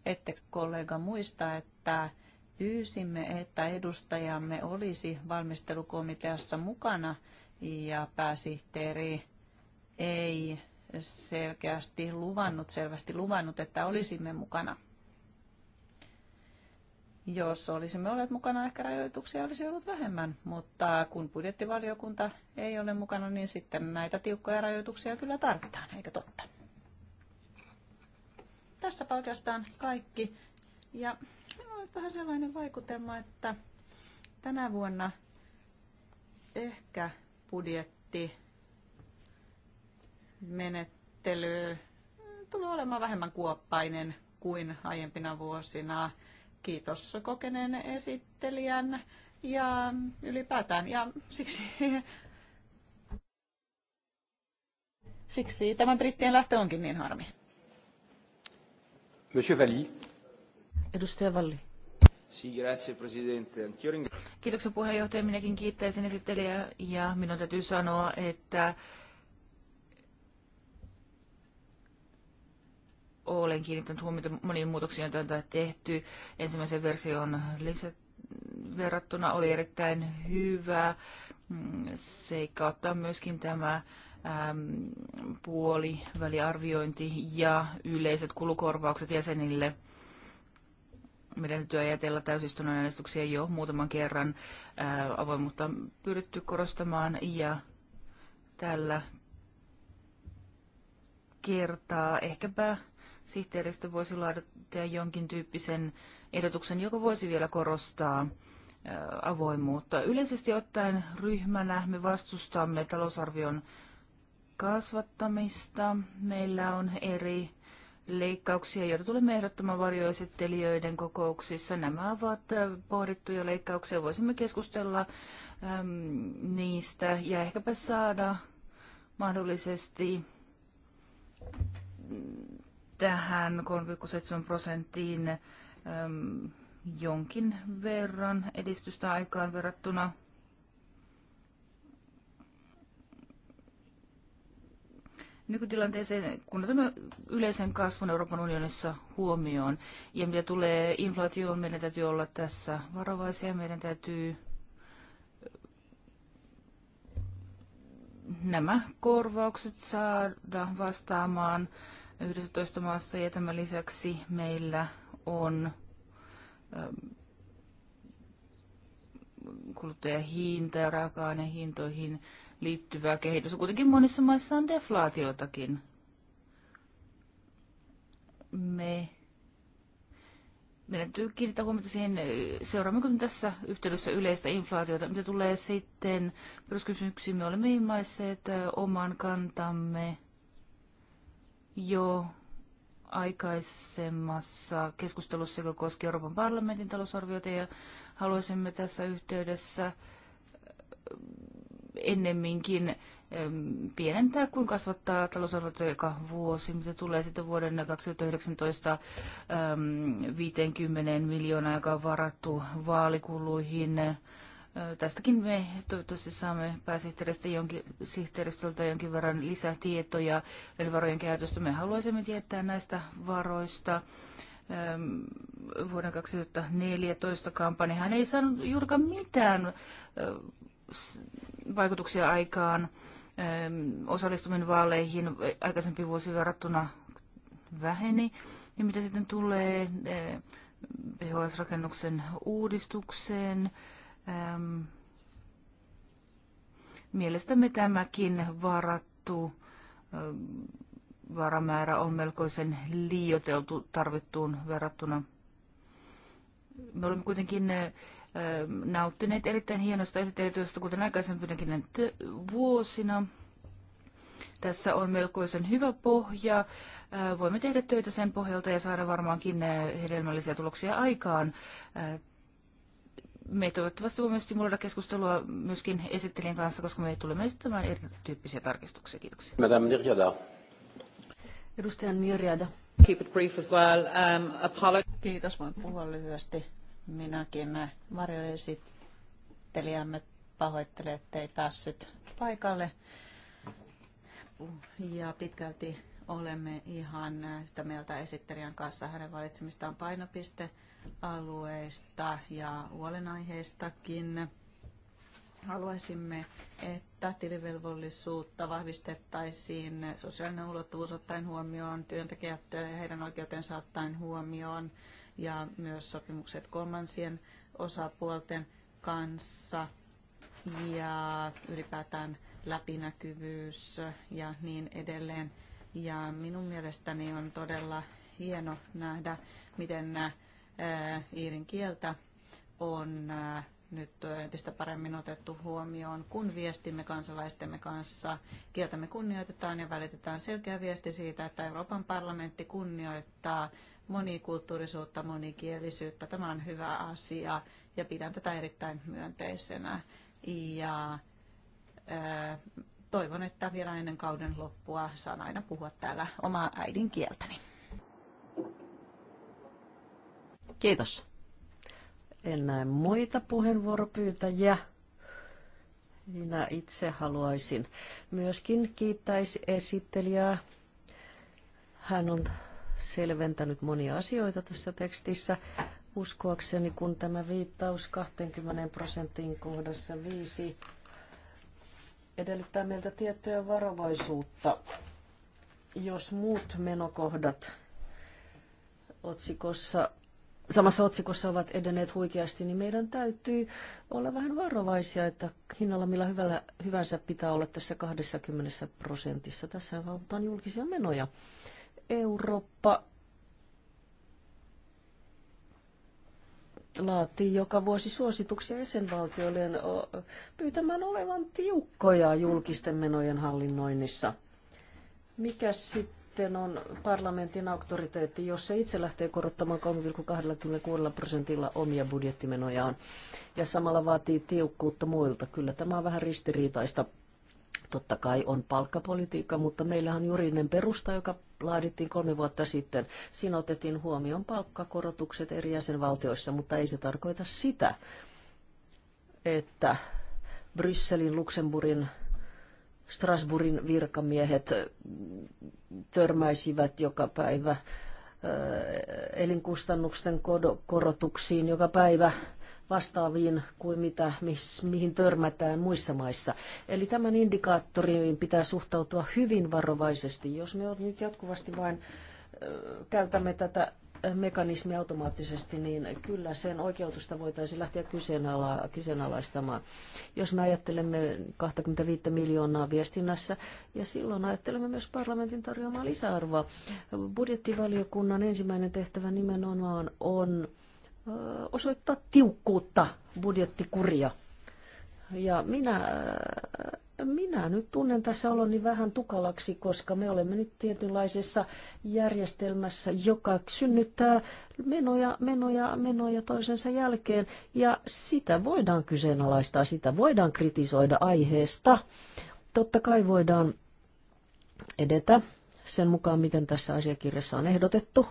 Ette kollega muista, että pyysimme, että edustajamme olisi valmistelukomiteassa mukana ja pääsihteeri ei selkeästi luvannut, selvästi luvannut, että olisimme mukana. Jos olisimme olleet mukana, ehkä rajoituksia olisi ollut vähemmän, mutta kun budjettivaliokunta ei ole mukana, niin sitten näitä tiukkoja rajoituksia kyllä tarvitaan, eikö totta? Tässä oikeastaan kaikki. Ja on vähän sellainen vaikutelma, että tänä vuonna ehkä budjetti menettely tulee olemaan vähemmän kuoppainen kuin aiempina vuosina. Kiitos kokeneen esittelijän ja ylipäätään. Ja siksi, siksi tämä brittien lähtö onkin niin harmi. Monsieur Valli. Edustaja Valli. Kiitoksia puheenjohtaja. Minäkin kiittäisin esittelijää ja minun täytyy sanoa, että olen kiinnittänyt huomiota moniin muutoksiin, joita on tehty. Ensimmäisen version lisät verrattuna oli erittäin hyvä. Mm, se ottaa myöskin tämä puoliväliarviointi ja yleiset kulukorvaukset jäsenille – meidän täytyy ajatella täysistunnon äänestyksiä jo muutaman kerran. Ää, avoimuutta on pyritty korostamaan ja tällä kertaa ehkäpä sihteeristö voisi laadittaa jonkin tyyppisen ehdotuksen, joka voisi vielä korostaa avoimuutta. Yleisesti ottaen ryhmänä me vastustamme talousarvion kasvattamista. Meillä on eri leikkauksia, joita tulemme ehdottamaan varjoesittelijöiden kokouksissa. Nämä ovat pohdittuja leikkauksia. Voisimme keskustella äm, niistä ja ehkäpä saada mahdollisesti tähän 3,7 prosenttiin äm, jonkin verran edistystä aikaan verrattuna nykytilanteeseen, kun otamme yleisen kasvun Euroopan unionissa huomioon ja mitä tulee inflaatioon, meidän täytyy olla tässä varovaisia, meidän täytyy nämä korvaukset saada vastaamaan 11 maassa ja tämän lisäksi meillä on ähm, kuluttajahinta ja raaka-ainehintoihin hintoihin liittyvää kehitystä. Kuitenkin monissa maissa on deflaatiotakin. Me meidän täytyy kiinnittää huomiota siihen, seuraammeko tässä yhteydessä yleistä inflaatiota, mitä tulee sitten peruskysymyksiin. Me olemme ilmaisseet oman kantamme jo aikaisemmassa keskustelussa, joka koski Euroopan parlamentin talousarviota, ja haluaisimme tässä yhteydessä ennemminkin ähm, pienentää kuin kasvattaa talousarviota joka vuosi, mitä tulee sitten vuoden 2019 50 ähm, miljoonaa, joka on varattu vaalikuluihin. Äh, tästäkin me toivottavasti saamme pääsihteeristä jonkin, sihteeristöltä jonkin verran lisätietoja Eli varojen käytöstä. Me haluaisimme tietää näistä varoista ähm, vuoden 2014 kampanjahan ei saanut juurikaan mitään äh, vaikutuksia aikaan. Ähm, osallistuminen vaaleihin aikaisempi vuosi verrattuna väheni. Ja mitä sitten tulee äh, PHS-rakennuksen uudistukseen, ähm, mielestämme tämäkin varattu äh, varamäärä on melkoisen liioteltu tarvittuun verrattuna. Me olemme kuitenkin äh, nauttineet erittäin hienosta esittelytyöstä, kuten aikaisempinakin vuosina. Tässä on melkoisen hyvä pohja. Voimme tehdä töitä sen pohjalta ja saada varmaankin hedelmällisiä tuloksia aikaan. Me toivottavasti voimme stimuloida keskustelua myöskin esittelijän kanssa, koska me tulemme esittämään erityyppisiä tarkistuksia. Kiitoksia. Madame Nirjada. Edustaja Nirjada. Keep it brief as well. Um, Kiitos, voin puhua lyhyesti Minäkin varjoesittelijämme pahoittelee, ettei päässyt paikalle. Ja pitkälti olemme ihan yhtä mieltä esittelijän kanssa hänen valitsemistaan painopistealueista ja huolenaiheistakin. Haluaisimme, että tilivelvollisuutta vahvistettaisiin, sosiaalinen ulottuvuus ottaen huomioon, työntekijät ja heidän oikeutensa ottaen huomioon, ja myös sopimukset kolmansien osapuolten kanssa ja ylipäätään läpinäkyvyys ja niin edelleen. Ja minun mielestäni on todella hieno nähdä, miten eh, Iirin kieltä on eh, nyt entistä paremmin otettu huomioon, kun viestimme kansalaistemme kanssa. Kieltämme kunnioitetaan ja välitetään selkeä viesti siitä, että Euroopan parlamentti kunnioittaa monikulttuurisuutta, monikielisyyttä. Tämä on hyvä asia ja pidän tätä erittäin myönteisenä. Ja ää, äh, toivon, että vielä ennen kauden loppua saan aina puhua täällä omaa äidinkieltäni. Kiitos. En näe muita puheenvuoropyytäjiä. Minä itse haluaisin myöskin kiittäisi esittelijää. Hän on selventänyt monia asioita tässä tekstissä. Uskoakseni, kun tämä viittaus 20 prosentin kohdassa 5 edellyttää meiltä tiettyä varovaisuutta, jos muut menokohdat otsikossa samassa otsikossa ovat edenneet huikeasti, niin meidän täytyy olla vähän varovaisia, että hinnalla millä hyvällä, hyvänsä pitää olla tässä 20 prosentissa. Tässä halutaan julkisia menoja. Eurooppa laatii joka vuosi suosituksia jäsenvaltioilleen pyytämään olevan tiukkoja julkisten menojen hallinnoinnissa. Mikä sitten on parlamentin auktoriteetti, jos se itse lähtee korottamaan 3,26 prosentilla omia budjettimenojaan ja samalla vaatii tiukkuutta muilta? Kyllä tämä on vähän ristiriitaista. Totta kai on palkkapolitiikka, mutta meillähän on juridinen perusta, joka laadittiin kolme vuotta sitten. Siinä otettiin huomioon palkkakorotukset eri jäsenvaltioissa, mutta ei se tarkoita sitä, että Brysselin, Luxemburgin, Strasbourgin virkamiehet törmäisivät joka päivä elinkustannusten korotuksiin joka päivä vastaaviin kuin mitä, mihin törmätään muissa maissa. Eli tämän indikaattoriin pitää suhtautua hyvin varovaisesti, jos me nyt jatkuvasti vain käytämme tätä mekanismia automaattisesti, niin kyllä sen oikeutusta voitaisiin lähteä kyseenala- kyseenalaistamaan. Jos me ajattelemme 25 miljoonaa viestinnässä, ja silloin ajattelemme myös parlamentin tarjoamaa lisäarvoa. Budjettivaliokunnan ensimmäinen tehtävä nimenomaan on osoittaa tiukkuutta, budjettikuria. Ja minä, minä nyt tunnen tässä oloni vähän tukalaksi, koska me olemme nyt tietynlaisessa järjestelmässä, joka synnyttää menoja, menoja, menoja toisensa jälkeen. Ja sitä voidaan kyseenalaistaa, sitä voidaan kritisoida aiheesta. Totta kai voidaan edetä sen mukaan, miten tässä asiakirjassa on ehdotettu.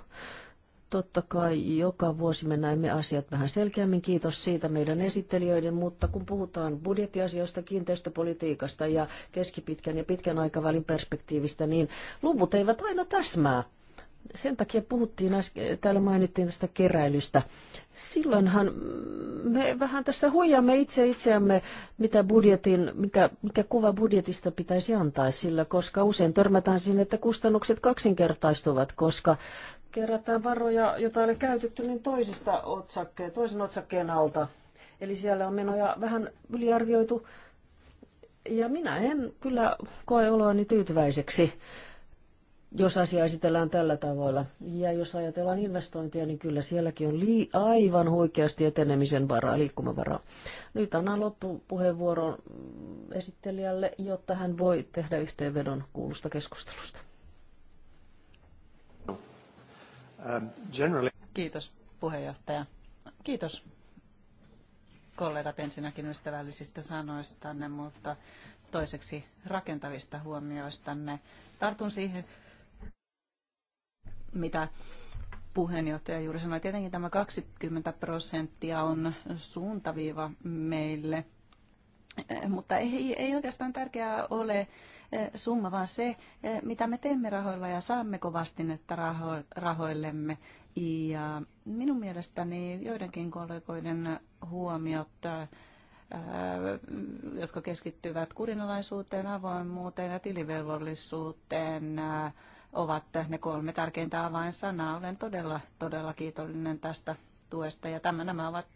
Totta kai joka vuosi me näemme asiat vähän selkeämmin. Kiitos siitä meidän esittelijöiden, mutta kun puhutaan budjettiasioista, kiinteistöpolitiikasta ja keskipitkän ja pitkän aikavälin perspektiivistä, niin luvut eivät aina täsmää sen takia puhuttiin äsken, täällä mainittiin tästä keräilystä. Silloinhan me vähän tässä huijamme itse itseämme, mitä budjetin, mikä, mikä kuva budjetista pitäisi antaa sillä, koska usein törmätään siinä, että kustannukset kaksinkertaistuvat, koska kerätään varoja, joita oli käytetty, niin toisesta otsakkeen, toisen otsakkeen alta. Eli siellä on menoja vähän yliarvioitu. Ja minä en kyllä koe oloani tyytyväiseksi, jos asia esitellään tällä tavalla. Ja jos ajatellaan investointia, niin kyllä sielläkin on lii- aivan huikeasti etenemisen varaa, liikkumavaraa. Nyt annan loppupuheenvuoron esittelijälle, jotta hän voi tehdä yhteenvedon kuulusta keskustelusta. Um, Kiitos puheenjohtaja. Kiitos kollegat ensinnäkin ystävällisistä sanoistanne, mutta toiseksi rakentavista huomioistanne. Tartun siihen, mitä puheenjohtaja juuri sanoi. Tietenkin tämä 20 prosenttia on suuntaviiva meille – Äh, mutta ei, ei oikeastaan tärkeää ole äh, summa, vaan se, äh, mitä me teemme rahoilla ja saammeko vastinetta raho, rahoillemme. Ja minun mielestäni joidenkin kollegoiden huomiot, jotka keskittyvät kurinalaisuuteen, avoimuuteen ja tilivelvollisuuteen, ovat ne kolme tärkeintä avainsanaa. Olen todella, todella kiitollinen tästä tuesta ja tämä, nämä ovat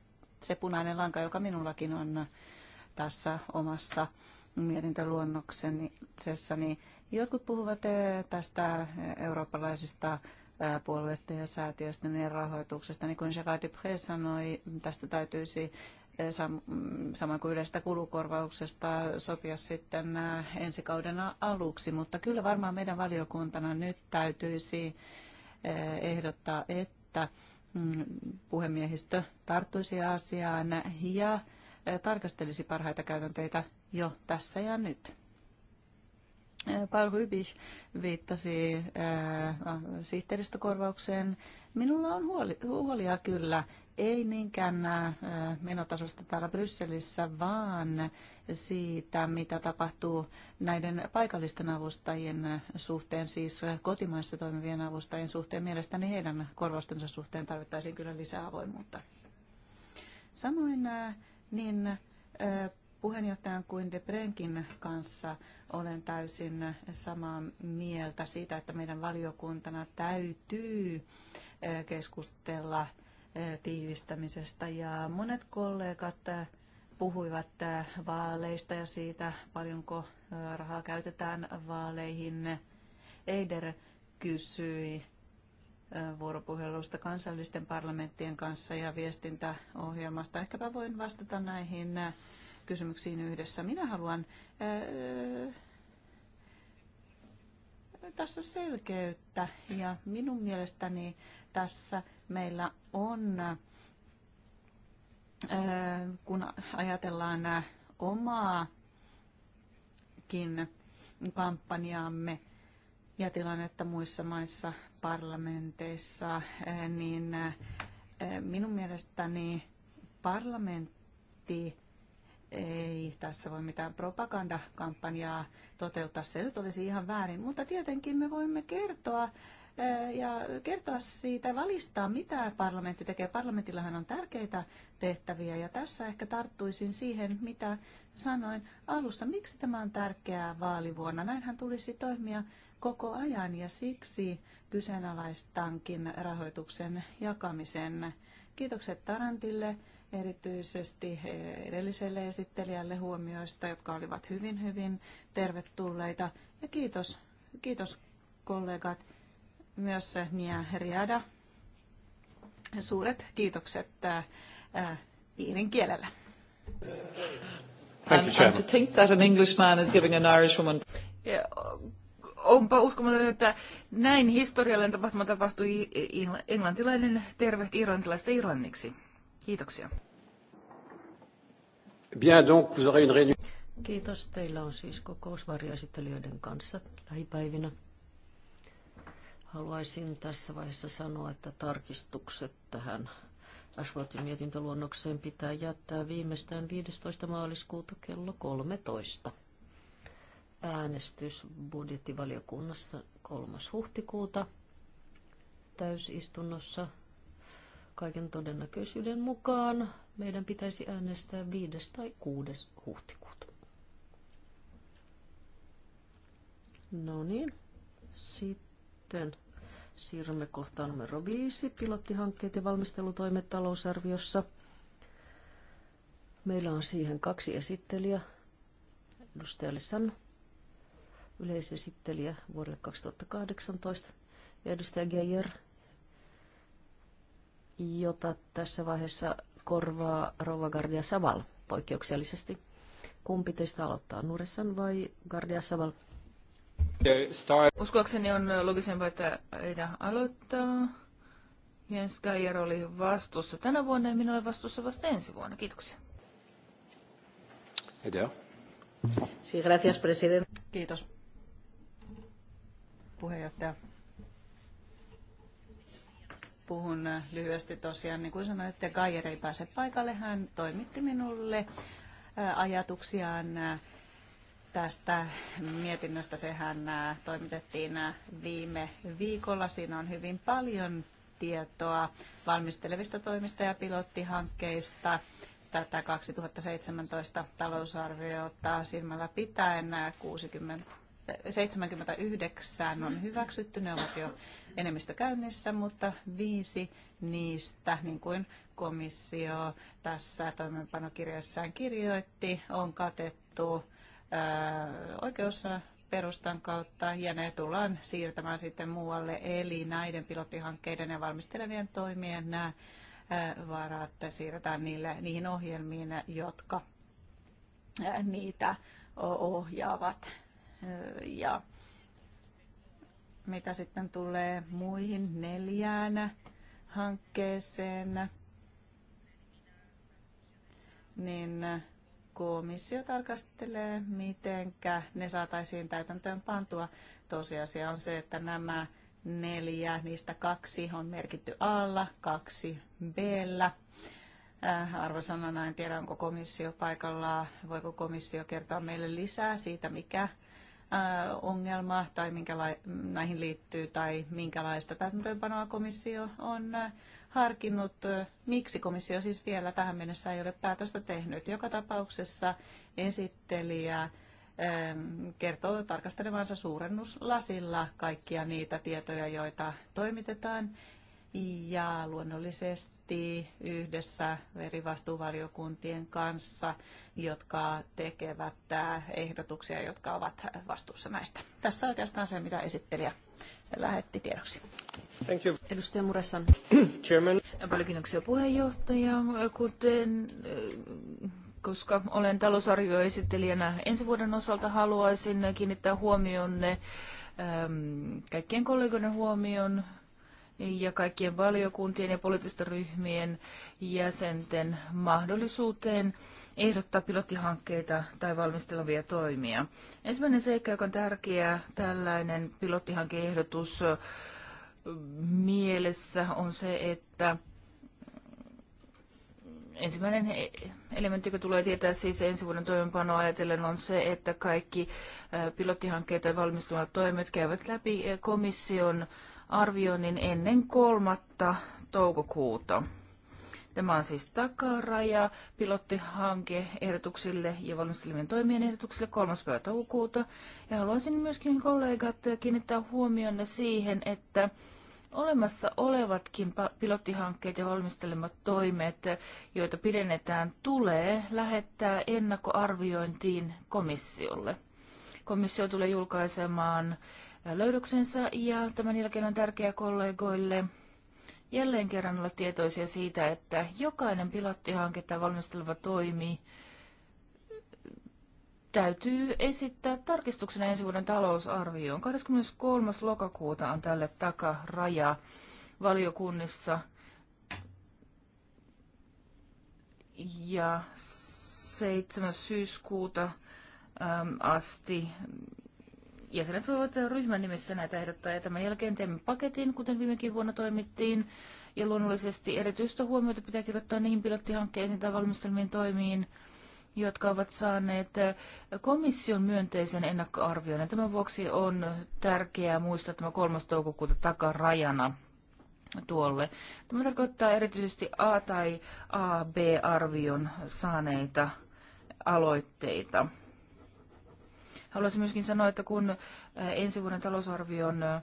se punainen lanka, joka minullakin on tässä omassa mietintöluonnoksessani. Jotkut puhuvat eh, tästä eurooppalaisista eh, puolueista ja säätiöistä ja niin rahoituksesta. Niin kuin Gerard Dupré sanoi, tästä täytyisi eh, samoin kuin yleistä kulukorvauksesta sopia sitten ensi kauden aluksi, mutta kyllä varmaan meidän valiokuntana nyt täytyisi ehdottaa, että mm, puhemiehistö tarttuisi asiaan ja tarkastelisi parhaita käytänteitä jo tässä ja nyt. Paul Hybich viittasi sihteeristökorvaukseen. Minulla on huoli, huolia kyllä, ei niinkään menotasosta täällä Brysselissä, vaan siitä, mitä tapahtuu näiden paikallisten avustajien suhteen, siis kotimaissa toimivien avustajien suhteen. Mielestäni heidän korvaustensa suhteen tarvittaisiin kyllä lisää avoimuutta. Samoin niin puheenjohtajan kuin Brenkin kanssa olen täysin samaa mieltä siitä, että meidän valiokuntana täytyy keskustella tiivistämisestä. Ja monet kollegat puhuivat vaaleista ja siitä, paljonko rahaa käytetään vaaleihin. Eider kysyi vuoropuhelusta kansallisten parlamenttien kanssa ja viestintäohjelmasta. Ehkäpä voin vastata näihin äh, kysymyksiin yhdessä. Minä haluan äh, tässä selkeyttä ja minun mielestäni tässä meillä on, äh, kun ajatellaan omaakin kampanjaamme ja tilannetta muissa maissa, parlamenteissa, eh, niin eh, minun mielestäni parlamentti ei tässä voi mitään propagandakampanjaa toteuttaa, se nyt olisi ihan väärin, mutta tietenkin me voimme kertoa eh, ja kertoa siitä, valistaa mitä parlamentti tekee. Parlamentillahan on tärkeitä tehtäviä ja tässä ehkä tarttuisin siihen, mitä sanoin alussa, miksi tämä on tärkeää vaalivuonna. Näinhän tulisi toimia koko ajan ja siksi kyseenalaistankin rahoituksen jakamisen. Kiitokset Tarantille, erityisesti edelliselle esittelijälle huomioista, jotka olivat hyvin, hyvin tervetulleita. Ja kiitos, kiitos kollegat, myös Nia Riada. Suuret kiitokset ää, äh, äh, kielellä. Thank you, um, Chairman. And to think that an Englishman is giving an woman... Yeah onpa uskomaton, että näin historiallinen tapahtuma tapahtui englantilainen tervehti irlantilaista irlanniksi. Kiitoksia. Bien, donc vous aurez une réunion. Kiitos. Teillä on siis kokous varjoesittelijöiden kanssa lähipäivinä. Haluaisin tässä vaiheessa sanoa, että tarkistukset tähän Ashworthin mietintöluonnokseen pitää jättää viimeistään 15. maaliskuuta kello 13 äänestys budjettivaliokunnassa 3. huhtikuuta täysistunnossa. Kaiken todennäköisyyden mukaan meidän pitäisi äänestää 5. tai 6. huhtikuuta. No niin, sitten siirrymme kohtaan numero 5, pilottihankkeet ja valmistelutoimet talousarviossa. Meillä on siihen kaksi esittelijää. Edustaja Lissan yleisesittelijä vuodelle 2018, edustaja Geijer, jota tässä vaiheessa korvaa Rova Gardia Saval poikkeuksellisesti. Kumpi teistä aloittaa, Nurissan vai Gardia Saval? Uskoakseni on logisempaa, että Eida aloittaa. Jens Geijer oli vastuussa tänä vuonna ja minä olen vastuussa vasta ensi vuonna. Kiitoksia. Eida. Kiitos puheenjohtaja. Puhun lyhyesti tosiaan, niin kuin sanoin, että Gajer ei pääse paikalle. Hän toimitti minulle äh, ajatuksiaan äh, tästä mietinnöstä. Sehän äh, toimitettiin viime viikolla. Siinä on hyvin paljon tietoa valmistelevista toimista ja pilottihankkeista tätä 2017 talousarviota silmällä pitäen 60 79 on hyväksytty, ne ovat jo enemmistö käynnissä, mutta viisi niistä, niin kuin komissio tässä toimeenpanokirjassaan kirjoitti, on katettu oikeusperustan kautta ja ne tullaan siirtämään sitten muualle. Eli näiden pilottihankkeiden ja valmistelevien toimien nämä varat siirretään niille, niihin ohjelmiin, jotka niitä ohjaavat. Ja mitä sitten tulee muihin neljään hankkeeseen, niin komissio tarkastelee, miten ne saataisiin täytäntöön pantua. Tosiasia on se, että nämä neljä, niistä kaksi on merkitty alla, kaksi b äh, Arvosanana en tiedä, onko komissio paikalla, voiko komissio kertoa meille lisää siitä, mikä Äh, ongelma tai minkäla- näihin liittyy tai minkälaista täytäntöönpanoa komissio on äh, harkinnut, miksi komissio siis vielä tähän mennessä ei ole päätöstä tehnyt. Joka tapauksessa esittelijä ähm, kertoo tarkastelevansa suurennuslasilla kaikkia niitä tietoja, joita toimitetaan ja luonnollisesti yhdessä eri vastuuvaliokuntien kanssa, jotka tekevät äh, ehdotuksia, jotka ovat vastuussa näistä. Tässä oikeastaan se, mitä esittelijä lähetti tiedoksi. Thank you. Edustaja Muressan. Chairman. Paljon kiitoksia puheenjohtaja. Kuten, äh, koska olen talousarvioesittelijänä ensi vuoden osalta, haluaisin kiinnittää huomionne ähm, kaikkien kollegoiden huomion ja kaikkien valiokuntien ja poliittisten ryhmien jäsenten mahdollisuuteen ehdottaa pilottihankkeita tai valmistelevia toimia. Ensimmäinen seikka, joka on tärkeä, tällainen pilottihankeehdotus mielessä on se, että ensimmäinen e- elementti, joka tulee tietää siis ensi vuoden toimenpanoa ajatellen, on se, että kaikki pilottihankkeet ja valmistuvat toimet käyvät läpi komission arvioinnin ennen kolmatta toukokuuta. Tämä on siis takaraja pilottihanke ehdotuksille ja valmistelevien toimien ehdotuksille 3. päivä toukokuuta. Ja haluaisin myöskin kollegat kiinnittää huomionne siihen, että olemassa olevatkin pilottihankkeet ja valmistelemat toimet, joita pidennetään, tulee lähettää ennakkoarviointiin komissiolle. Komissio tulee julkaisemaan löydöksensä ja tämän jälkeen on tärkeää kollegoille jälleen kerran olla tietoisia siitä, että jokainen pilottihanketta valmisteleva toimi täytyy esittää tarkistuksena ensi vuoden talousarvioon. 23. lokakuuta on tälle takaraja valiokunnissa. Ja 7. syyskuuta asti jäsenet voivat ryhmän nimessä näitä ehdottaa ja tämän jälkeen teemme paketin, kuten viimekin vuonna toimittiin. Ja luonnollisesti erityistä huomiota pitää kirjoittaa niihin pilottihankkeisiin tai valmistelmiin toimiin, jotka ovat saaneet komission myönteisen ennakkoarvioinnin. Tämän vuoksi on tärkeää muistaa tämä 3. toukokuuta takarajana tuolle. Tämä tarkoittaa erityisesti A- tai AB-arvion saaneita aloitteita. Haluaisin myöskin sanoa, että kun äh, ensi vuoden talousarvion ähm,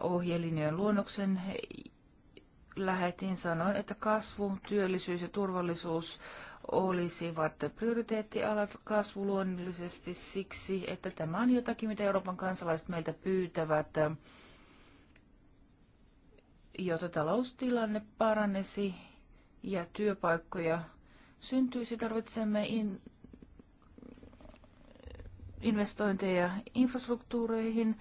ohjelinjojen luonnoksen lähetin, sanoin, että kasvu, työllisyys ja turvallisuus olisivat prioriteettialat kasvu luonnollisesti siksi, että tämä on jotakin, mitä Euroopan kansalaiset meiltä pyytävät, äh, jotta taloustilanne paranesi ja työpaikkoja syntyisi. Tarvitsemme in- investointeja infrastruktuureihin.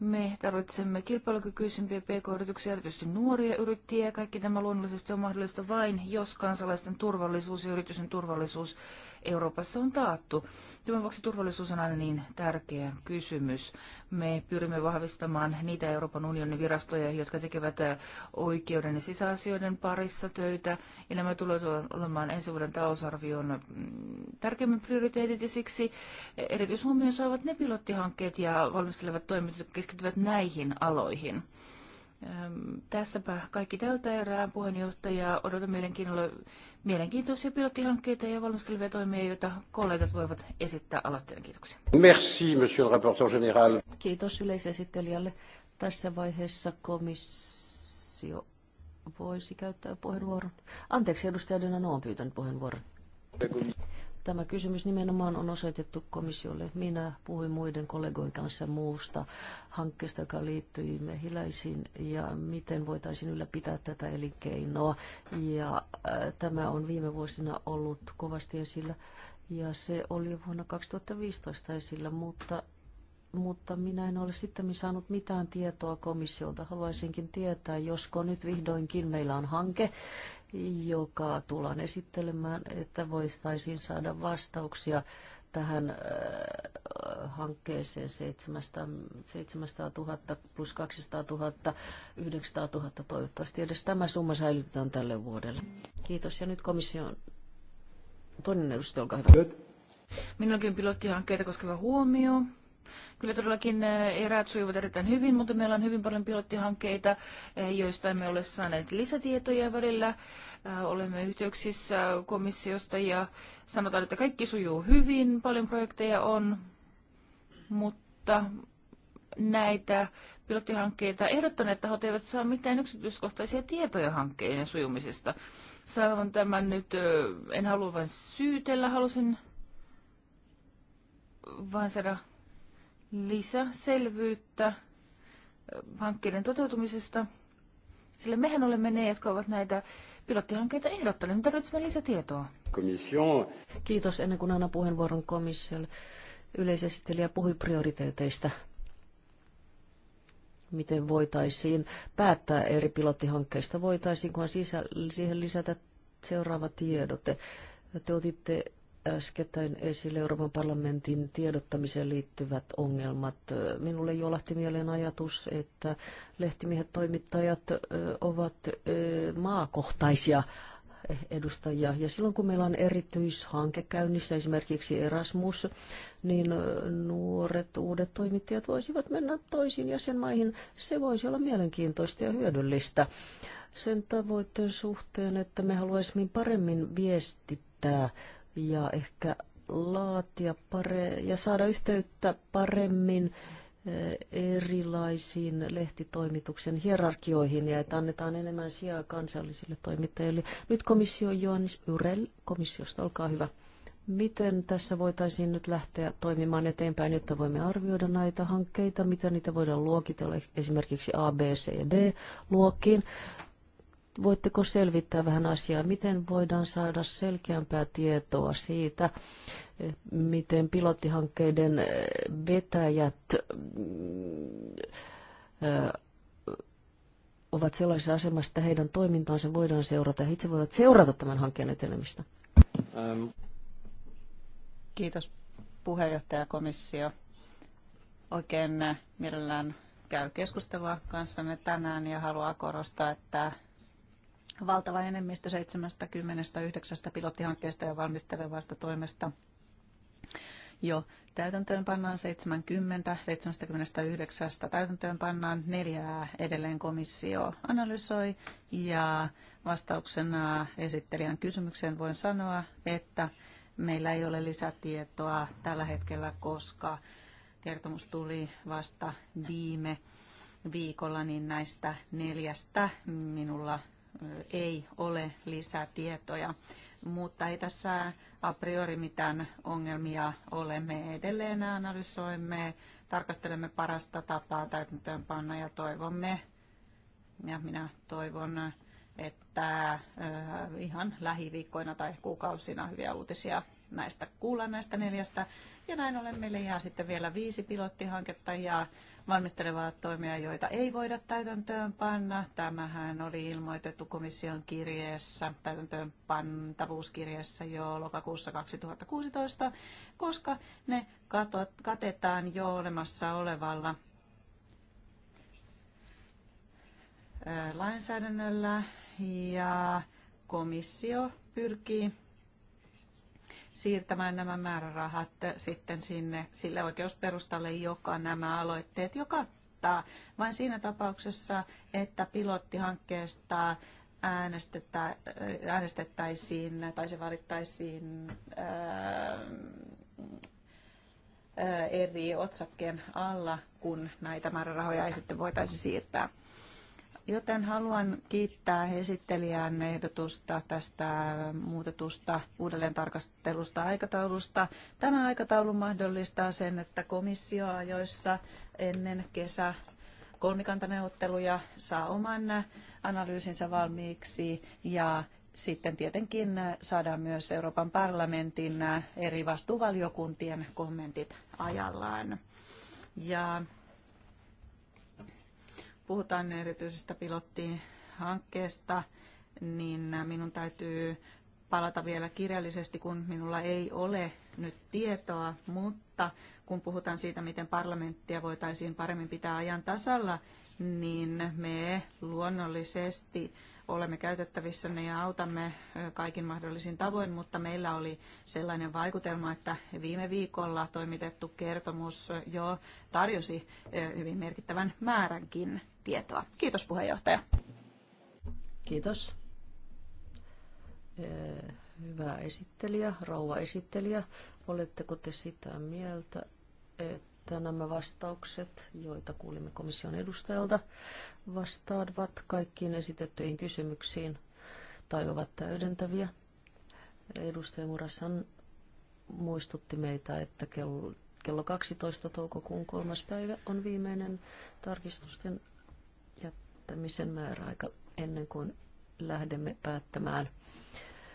Me tarvitsemme kilpailukykyisempiä pk-yrityksiä, erityisesti nuoria yrittäjiä. Kaikki tämä luonnollisesti on mahdollista vain, jos kansalaisten turvallisuus ja yritysten turvallisuus Euroopassa on taattu. Tämän vuoksi turvallisuus on aina niin tärkeä kysymys. Me pyrimme vahvistamaan niitä Euroopan unionin virastoja, jotka tekevät äh, oikeuden ja sisäasioiden parissa töitä. Ja nämä tulevat olemaan ensi vuoden talousarvion mm, tärkeimmän prioriteetit ja siksi erityishuomioon saavat ne pilottihankkeet ja valmistelevat toimet, jotka keskittyvät näihin aloihin. Tässäpä kaikki tältä erää puheenjohtajaa. Odotan mielenkiinnolla mielenkiintoisia pilottihankkeita ja valmistelevia toimia, joita kollegat voivat esittää aloitteen. Kiitoksia. Merci, monsieur le rapporteur général. Kiitos yleisesittelijälle. Tässä vaiheessa komissio voisi käyttää puheenvuoron. Anteeksi, edustaja Dynano on pyytänyt puheenvuoron. Tämä kysymys nimenomaan on osoitettu komissiolle. Minä puhuin muiden kollegojen kanssa muusta hankkeesta, joka liittyy mehiläisiin ja miten voitaisiin ylläpitää tätä elinkeinoa. Ja äh, tämä on viime vuosina ollut kovasti esillä ja se oli vuonna 2015 esillä, mutta mutta minä en ole sitten saanut mitään tietoa komissiolta. Haluaisinkin tietää, josko nyt vihdoinkin meillä on hanke, joka tullaan esittelemään, että voitaisiin saada vastauksia tähän äh, hankkeeseen 700, 700 000 plus 200 000, 900 000 toivottavasti. Edes tämä summa säilytetään tälle vuodelle. Kiitos. Ja nyt komission toinen edustaja, olkaa hyvä. Minullakin pilottihankkeita koskeva huomio. Kyllä todellakin eräät sujuvat erittäin hyvin, mutta meillä on hyvin paljon pilottihankkeita, joista emme ole saaneet lisätietoja välillä. Olemme yhteyksissä komissiosta ja sanotaan, että kaikki sujuu hyvin, paljon projekteja on, mutta näitä pilottihankkeita ehdottaneet tahot eivät saa mitään yksityiskohtaisia tietoja hankkeiden sujumisesta. Sanon tämän nyt, en halua vain syytellä, halusin vain saada lisäselvyyttä äh, hankkeiden toteutumisesta, sillä mehän olemme ne, jotka ovat näitä pilottihankkeita ehdottaneet. Me tarvitsemme lisätietoa. Komission. Kiitos ennen kuin annan puheenvuoron komissiolle. Yleisesittelijä puhui prioriteeteista miten voitaisiin päättää eri pilottihankkeista. Voitaisiinkohan sisä, siihen lisätä seuraava tiedote. Te otitte äskettäin esille Euroopan parlamentin tiedottamiseen liittyvät ongelmat. Minulle jolahti mieleen ajatus, että lehtimiehet toimittajat ovat maakohtaisia edustajia. Ja silloin kun meillä on erityishanke käynnissä, esimerkiksi Erasmus, niin nuoret uudet toimittajat voisivat mennä toisiin jäsenmaihin. Se voisi olla mielenkiintoista ja hyödyllistä sen tavoitteen suhteen, että me haluaisimme paremmin viestittää ja ehkä laatia pare- ja saada yhteyttä paremmin eh, erilaisiin lehtitoimituksen hierarkioihin ja että annetaan enemmän sijaa kansallisille toimittajille. Nyt komissio Johannes Yrel komissiosta, olkaa hyvä. Miten tässä voitaisiin nyt lähteä toimimaan eteenpäin, jotta voimme arvioida näitä hankkeita, miten niitä voidaan luokitella esimerkiksi A, B, C ja D-luokkiin? Voitteko selvittää vähän asiaa, miten voidaan saada selkeämpää tietoa siitä, miten pilottihankkeiden vetäjät eh, ovat sellaisessa asemassa, että heidän toimintaansa voidaan seurata ja itse voivat seurata tämän hankkeen etenemistä? Ähm. Kiitos komissio, Oikein mielellään käy keskustelua kanssanne tänään ja haluaa korostaa, että valtava enemmistö 79 pilottihankkeesta ja valmistelevasta toimesta jo täytäntöön pannaan 70, 79 täytäntöön pannaan neljää edelleen komissio analysoi ja vastauksena esittelijän kysymykseen voin sanoa, että meillä ei ole lisätietoa tällä hetkellä, koska kertomus tuli vasta viime viikolla, niin näistä neljästä minulla ei ole lisätietoja, mutta ei tässä a priori mitään ongelmia ole. Me edelleen analysoimme, tarkastelemme parasta tapaa täytäntöönpanna ja toivomme, ja minä toivon, että äh, ihan lähiviikkoina tai kuukausina hyviä uutisia näistä kuullaan näistä neljästä. Ja näin ollen meille jää sitten vielä viisi pilottihanketta ja valmistelevaa toimia, joita ei voida täytäntöön panna. Tämähän oli ilmoitettu komission kirjeessä, pantavuuskirjeessä jo lokakuussa 2016, koska ne katetaan jo olemassa olevalla lainsäädännöllä ja komissio pyrkii siirtämään nämä määrärahat sitten sinne sille oikeusperustalle, joka nämä aloitteet jo kattaa. Vain siinä tapauksessa, että pilottihankkeesta äänestettä äänestettäisiin tai se valittaisiin ää, ää, eri otsakkeen alla, kun näitä määrärahoja ei sitten voitaisi siirtää. Joten haluan kiittää esittelijän ehdotusta tästä muutetusta uudelleen tarkastelusta aikataulusta. Tämä aikataulu mahdollistaa sen, että komissio ajoissa ennen kesä kolmikantaneuvotteluja saa oman analyysinsä valmiiksi ja sitten tietenkin saadaan myös Euroopan parlamentin eri vastuuvaliokuntien kommentit ajallaan. Ja puhutaan erityisestä pilottihankkeesta, niin minun täytyy palata vielä kirjallisesti, kun minulla ei ole nyt tietoa, mutta kun puhutaan siitä, miten parlamenttia voitaisiin paremmin pitää ajan tasalla, niin me luonnollisesti olemme käytettävissä ja autamme kaikin mahdollisin tavoin, mutta meillä oli sellainen vaikutelma, että viime viikolla toimitettu kertomus jo tarjosi hyvin merkittävän määränkin tietoa. Kiitos puheenjohtaja. Kiitos. Hyvä esittelijä, rouva esittelijä. Oletteko te sitä mieltä, että nämä vastaukset, joita kuulimme komission edustajalta, vastaavat kaikkiin esitettyihin kysymyksiin tai ovat täydentäviä? Edustaja Murasan muistutti meitä, että kello kello 12 toukokuun kolmas päivä on viimeinen tarkistusten päättämisen määräaika ennen kuin lähdemme päättämään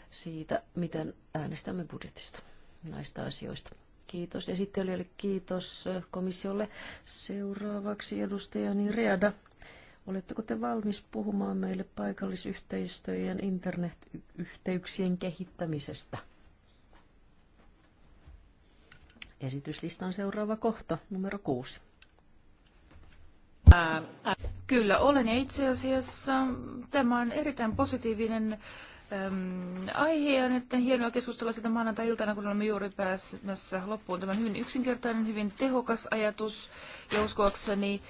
siitä, miten äänestämme budjetista näistä asioista. Kiitos esittelijälle, kiitos komissiolle. Seuraavaksi edustajani Reada. Oletteko te valmis puhumaan meille paikallisyhteistyöjen internetyhteyksien kehittämisestä? Esityslistan seuraava kohta, numero kuusi. Kyllä olen ja itse asiassa tämä on erittäin positiivinen Aiheen aihe nyt hienoa keskustella sitä maanantai-iltana, kun olemme juuri pääsemässä loppuun. Tämä hyvin yksinkertainen, hyvin tehokas ajatus ja uskoakseni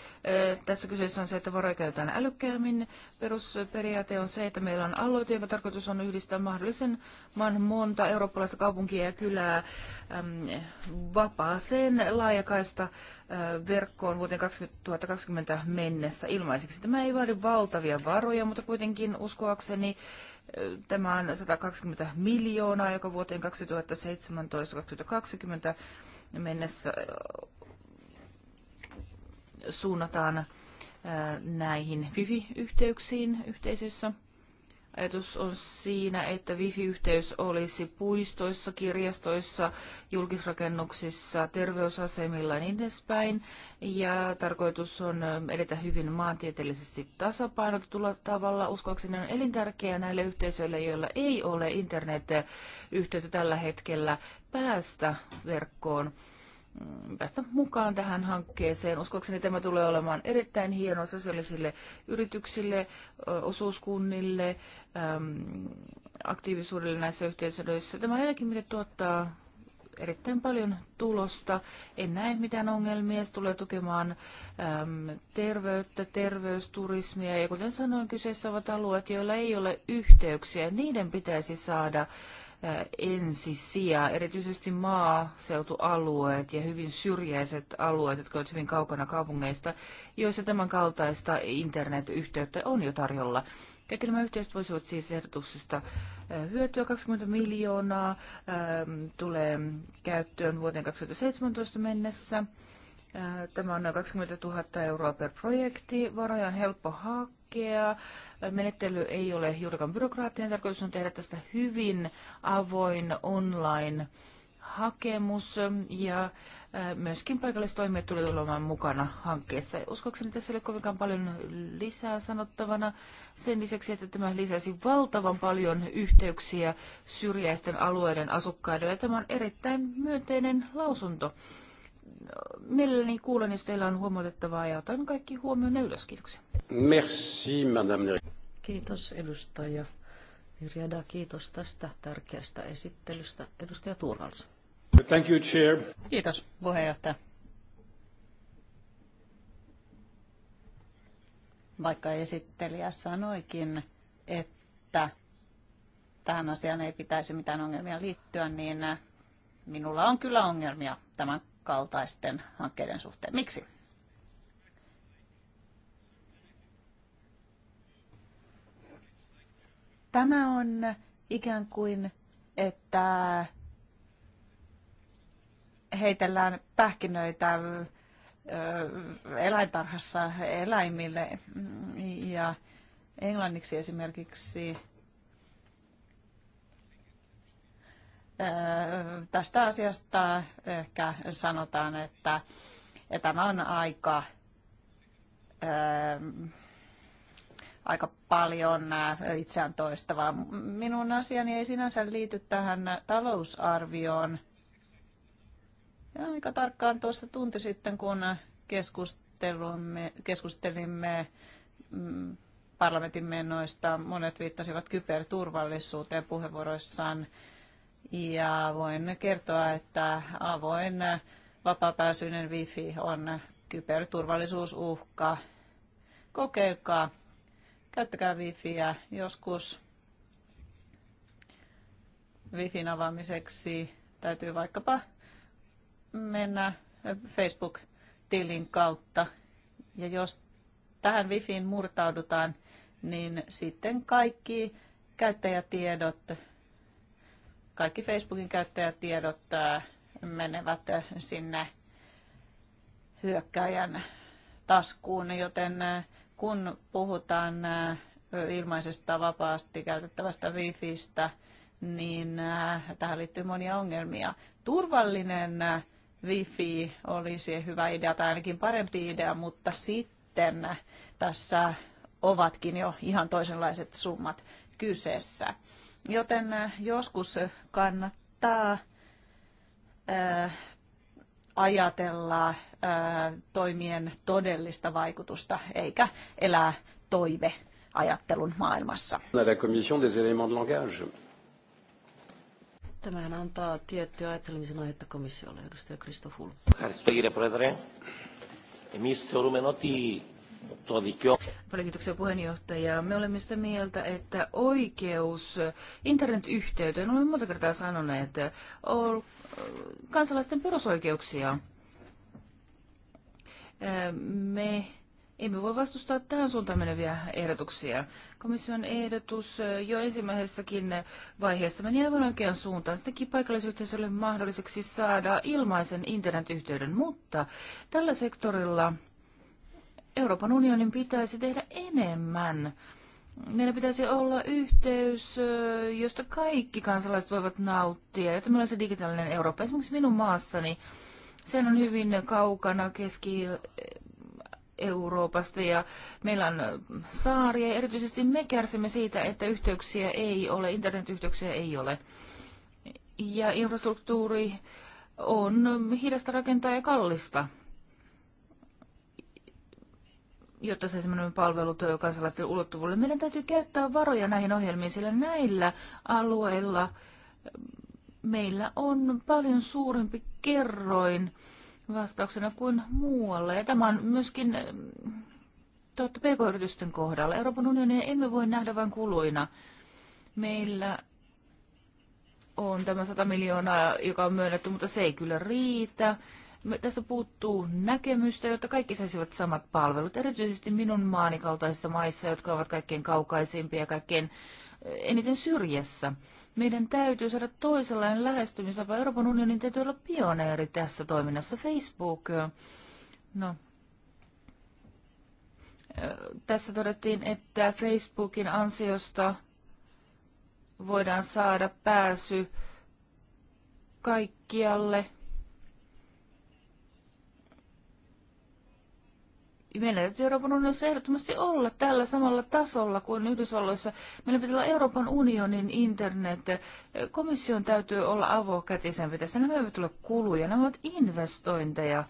tässä kyseessä on se, että varoja käytetään älykkäämmin. Perusperiaate on se, että meillä on aloite, jonka tarkoitus on yhdistää mahdollisimman monta eurooppalaista kaupunkia ja kylää äm, vapaaseen laajakaista ää, verkkoon vuoteen 2020 mennessä ilmaiseksi. Tämä ei vaadi valtavia varoja, mutta kuitenkin uskoakseni Tämä on 120 miljoonaa, joka vuoteen 2017-2020 mennessä äh, suunnataan äh, näihin wifi-yhteyksiin yhteisöissä. Ajatus on siinä, että wifi-yhteys olisi puistoissa, kirjastoissa, julkisrakennuksissa, terveysasemilla ja niin edespäin. Ja tarkoitus on ähm, edetä hyvin maantieteellisesti tasapainotetulla tavalla. Uskoakseni on elintärkeää näille yhteisöille, joilla ei ole internet-yhteyttä tällä hetkellä, päästä verkkoon. Mm, päästä mukaan tähän hankkeeseen. Uskoakseni tämä tulee olemaan erittäin hieno sosiaalisille yrityksille, osuuskunnille, aktiivisuudelle näissä yhteisöissä. Tämä on jotakin, mikä tuottaa erittäin paljon tulosta. En näe mitään ongelmia. Se tulee tukemaan äm, terveyttä, terveysturismia. Ja kuten sanoin, kyseessä ovat alueet, joilla ei ole yhteyksiä. Niiden pitäisi saada ensisijaa, erityisesti maaseutualueet ja hyvin syrjäiset alueet, jotka ovat hyvin kaukana kaupungeista, joissa tämän kaltaista internetyhteyttä on jo tarjolla. Kaikki nämä yhteiset voisivat siis ehdotuksesta hyötyä. 20 miljoonaa tulee käyttöön vuoteen 2017 mennessä. Äh, tämä on noin 20 000 euroa per projekti. Varoja on helppo hakea. Menettely ei ole juurikaan byrokraattinen. Tarkoitus on tehdä tästä hyvin avoin online hakemus ja äh, myöskin paikallistoimijat tulevat olemaan mukana hankkeessa. Uskoakseni tässä ei ole kovinkaan paljon lisää sanottavana sen lisäksi, että tämä lisäsi valtavan paljon yhteyksiä syrjäisten alueiden asukkaille. Tämä on erittäin myönteinen lausunto mielelläni kuulen, jos teillä on huomautettavaa ja otan kaikki huomioon ja ylös. Kiitoksia. Merci, madame. Kiitos edustaja Mirjada. kiitos tästä tärkeästä esittelystä. Edustaja Turvals. Thank you, chair. Kiitos puheenjohtaja. Vaikka esittelijä sanoikin, että tähän asiaan ei pitäisi mitään ongelmia liittyä, niin minulla on kyllä ongelmia tämän kaltaisten hankkeiden suhteen. Miksi? Tämä on ikään kuin, että heitellään pähkinöitä eläintarhassa eläimille. Ja englanniksi esimerkiksi tästä asiasta ehkä sanotaan, että tämä on aika, ähm, aika paljon äh, itseään toistavaa. Minun asiani ei sinänsä liity tähän talousarvioon. Ja aika tarkkaan tuossa tunti sitten, kun keskustelimme, keskustelimme parlamentin menoista, monet viittasivat kyberturvallisuuteen puheenvuoroissaan. Ja voin kertoa, että avoin vapapääsyinen wifi on kyberturvallisuusuhka. Kokeilkaa, käyttäkää wifiä joskus wifin avaamiseksi täytyy vaikkapa mennä Facebook-tilin kautta. Ja jos tähän wifiin murtaudutaan, niin sitten kaikki käyttäjätiedot kaikki Facebookin käyttäjätiedot menevät sinne hyökkäjän taskuun, joten äh, kun puhutaan äh, ilmaisesta vapaasti käytettävästä wifiistä, niin äh, tähän liittyy monia ongelmia. Turvallinen wifi olisi hyvä idea tai ainakin parempi idea, mutta sitten tässä ovatkin jo ihan toisenlaiset summat kyseessä. Joten äh, joskus kannattaa äh, ajatella äh, toimien todellista vaikutusta eikä elää toive ajattelun maailmassa. Tämähän antaa tiettyä ajattelemisen aihetta komissiolle, edustaja Kristofulu. Ευχαριστώ κύριε Πρόεδρε. Paljon puheenjohtaja. Me olemme sitä mieltä, että oikeus internetyhteyteen, olemme monta kertaa sanoneet, on kansalaisten perusoikeuksia. Me emme voi vastustaa tähän suuntaan meneviä ehdotuksia. Komission ehdotus jo ensimmäisessäkin vaiheessa meni aivan oikean suuntaan. Se paikallisyhteisölle mahdolliseksi saada ilmaisen internetyhteyden, mutta tällä sektorilla – Euroopan unionin pitäisi tehdä enemmän. Meillä pitäisi olla yhteys, josta kaikki kansalaiset voivat nauttia, jotta meillä on se digitaalinen Eurooppa. Esimerkiksi minun maassani, sen on hyvin kaukana keski Euroopasta ja meillä on saaria ja erityisesti me kärsimme siitä, että yhteyksiä ei ole, internetyhteyksiä ei ole. Ja infrastruktuuri on hidasta rakentaa ja kallista jotta se palvelu tuo kansalaisten ulottuvuudelle. Meidän täytyy käyttää varoja näihin ohjelmiin, sillä näillä alueilla meillä on paljon suurempi kerroin vastauksena kuin muualla. Ja tämä on myöskin eh, totta pk-yritysten kohdalla. Euroopan unionia emme voi nähdä vain kuluina. Meillä on tämä 100 miljoonaa, joka on myönnetty, mutta se ei kyllä riitä. Tässä puuttuu näkemystä, jotta kaikki saisivat samat palvelut, erityisesti minun maanikaltaisissa maissa, jotka ovat kaikkein kaukaisimpia ja kaikkein eh, eniten syrjässä. Meidän täytyy saada toisenlainen lähestymistapa. Euroopan unionin täytyy olla pioneeri tässä toiminnassa. Facebook, eh, no, eh, tässä todettiin, että Facebookin ansiosta voidaan saada pääsy kaikkialle – Ja meillä täytyy Euroopan unionissa ehdottomasti olla tällä samalla tasolla kuin Yhdysvalloissa. Meillä pitää olla Euroopan unionin internet. Komission täytyy olla avokätisempi tässä. Nämä eivät ole kuluja, nämä ovat investointeja.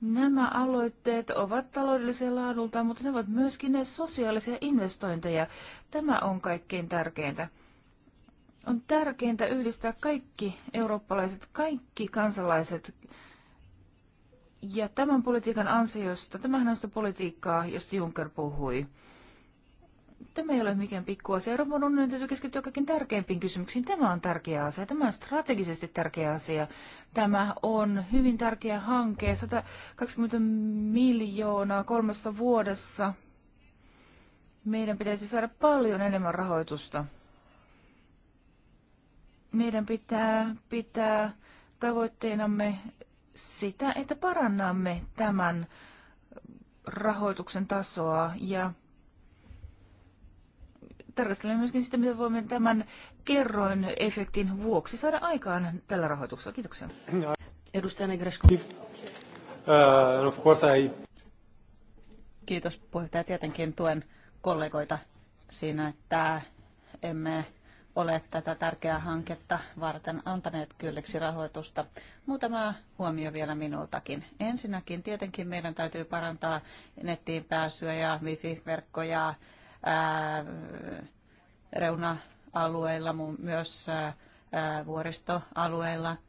Nämä aloitteet ovat taloudellisia laadulta, mutta ne ovat myöskin ne sosiaalisia investointeja. Tämä on kaikkein tärkeintä. On tärkeintä yhdistää kaikki eurooppalaiset, kaikki kansalaiset ja tämän politiikan ansiosta, tämähän on sitä politiikkaa, josta Juncker puhui. Tämä ei ole mikään pikku asia. Euroopan unionin täytyy keskittyä kaikkein tärkeimpiin kysymyksiin. Tämä on tärkeä asia. Tämä on strategisesti tärkeä asia. Tämä on hyvin tärkeä hanke. 120 miljoonaa kolmessa vuodessa. Meidän pitäisi saada paljon enemmän rahoitusta. Meidän pitää pitää tavoitteenamme sitä, että parannamme tämän rahoituksen tasoa ja tarkastelemme myöskin sitä, mitä voimme tämän kerroin efektin vuoksi saada aikaan tällä rahoituksella. Kiitoksia. Edustaja Negresko. Uh, of course I... Kiitos puheenjohtaja. Tietenkin tuen kollegoita siinä, että emme ole tätä tärkeää hanketta varten antaneet kylliksi rahoitusta. Muutama huomio vielä minultakin. Ensinnäkin tietenkin meidän täytyy parantaa nettiin pääsyä ja wifi-verkkoja ää, reuna-alueilla, myös ää, vuoristoalueilla –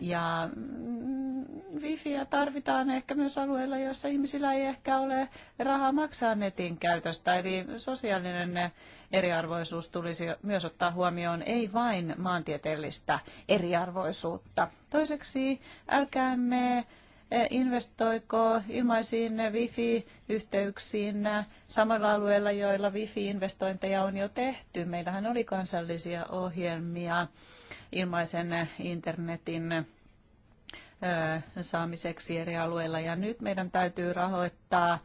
ja mm, wifiä tarvitaan ehkä myös alueilla, joissa ihmisillä ei ehkä ole rahaa maksaa netin käytöstä. Eli sosiaalinen eriarvoisuus tulisi myös ottaa huomioon, ei vain maantieteellistä eriarvoisuutta. Toiseksi älkäämme investoiko ilmaisiin wifi-yhteyksiin samalla alueella, joilla wifi-investointeja on jo tehty. Meillähän oli kansallisia ohjelmia ilmaisen internetin saamiseksi eri alueilla. Ja nyt meidän täytyy rahoittaa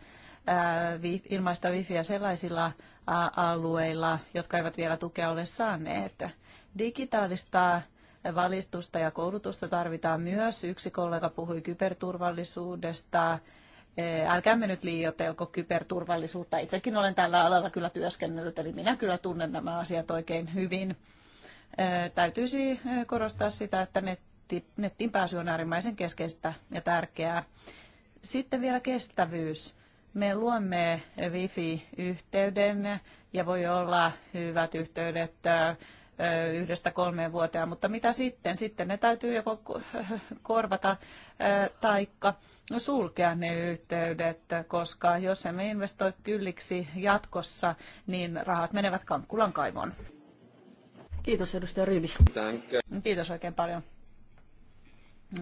ilmaista wifiä sellaisilla alueilla, jotka eivät vielä tukea ole saaneet. Digitaalista valistusta ja koulutusta tarvitaan myös. Yksi kollega puhui kyberturvallisuudesta. Älkäämme nyt liioitelko kyberturvallisuutta. Itsekin olen tällä alalla kyllä työskennellyt, eli minä kyllä tunnen nämä asiat oikein hyvin täytyisi korostaa sitä, että netti, nettiin pääsy on äärimmäisen keskeistä ja tärkeää. Sitten vielä kestävyys. Me luomme wifi-yhteyden ja voi olla hyvät yhteydet yhdestä kolmeen vuoteen, mutta mitä sitten? Sitten ne täytyy joko korvata taikka sulkea ne yhteydet, koska jos emme investoi kylliksi jatkossa, niin rahat menevät kankkulan kaivoon. Kiitos edustaja Kiitos oikein paljon.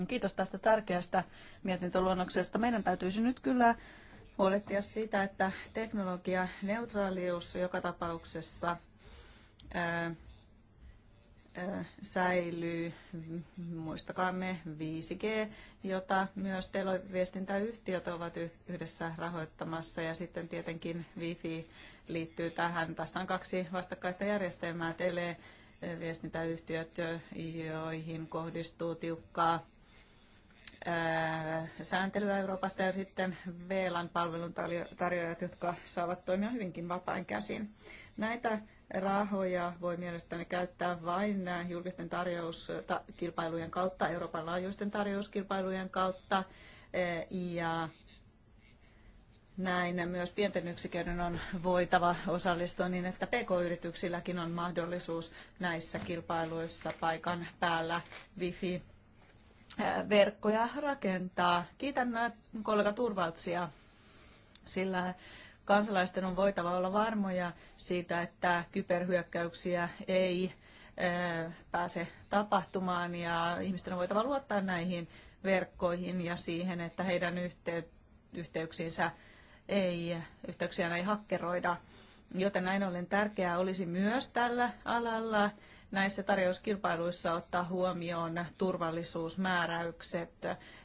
Kiitos tästä tärkeästä mietintöluonnoksesta. Meidän täytyisi nyt kyllä huolehtia siitä, että teknologianeutraalius joka tapauksessa ää, ää, säilyy. Muistakaamme 5G, jota myös televiestintäyhtiöt ovat yhdessä rahoittamassa ja sitten tietenkin Wi-Fi liittyy tähän. Tässä on kaksi vastakkaista järjestelmää, tele viestintäyhtiöt, joihin kohdistuu tiukkaa sääntelyä Euroopasta ja sitten vlan palveluntarjoajat jotka saavat toimia hyvinkin vapain käsin. Näitä rahoja voi mielestäni käyttää vain julkisten tarjouskilpailujen kautta, Euroopan laajuisten tarjouskilpailujen kautta ja näin myös pienten yksiköiden on voitava osallistua niin, että pk-yrityksilläkin on mahdollisuus näissä kilpailuissa paikan päällä wifi verkkoja rakentaa. Kiitän kollega Turvaltsia, sillä kansalaisten on voitava olla varmoja siitä, että kyberhyökkäyksiä ei pääse tapahtumaan ja ihmisten on voitava luottaa näihin verkkoihin ja siihen, että heidän yhteyksiinsä ei, yhteyksiä ei hakkeroida. Joten näin ollen tärkeää olisi myös tällä alalla näissä tarjouskilpailuissa ottaa huomioon turvallisuusmääräykset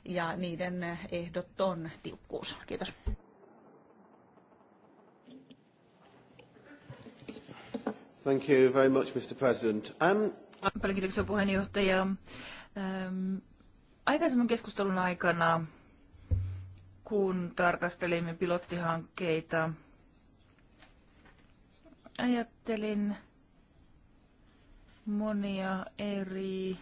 ja niiden ehdoton tiukkuus. Kiitos. Thank you very much, Mr. President. Um, Paljon kiitoksia puheenjohtaja. Ähm, aikaisemman keskustelun aikana kun tarkastelimme pilottihankkeita, ajattelin monia eri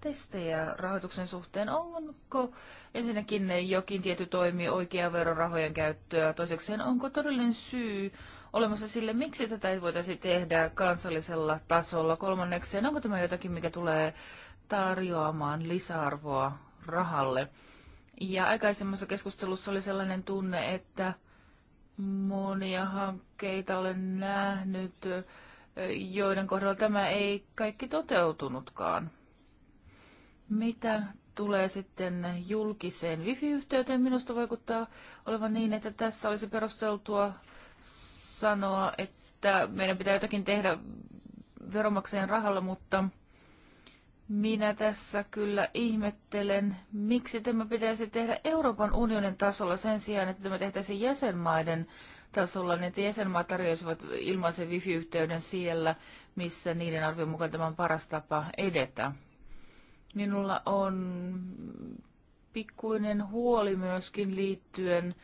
testejä rahoituksen suhteen. Onko ensinnäkin jokin tietty toimi oikea verorahojen käyttöä? Toisekseen, onko todellinen syy olemassa sille, miksi tätä ei voitaisi tehdä kansallisella tasolla? Kolmannekseen, onko tämä jotakin, mikä tulee tarjoamaan lisäarvoa rahalle. Ja aikaisemmassa keskustelussa oli sellainen tunne, että monia hankkeita olen nähnyt, joiden kohdalla tämä ei kaikki toteutunutkaan. Mitä tulee sitten julkiseen wifi-yhteyteen, minusta vaikuttaa olevan niin, että tässä olisi perusteltua sanoa, että meidän pitää jotakin tehdä veromaksajien rahalla, mutta minä tässä kyllä ihmettelen, miksi tämä pitäisi tehdä Euroopan unionin tasolla sen sijaan, että tämä tehtäisiin jäsenmaiden tasolla, niin että jäsenmaat tarjoaisivat ilmaisen wifi-yhteyden siellä, missä niiden arvion mukaan tämä on paras tapa edetä. Minulla on pikkuinen huoli myöskin liittyen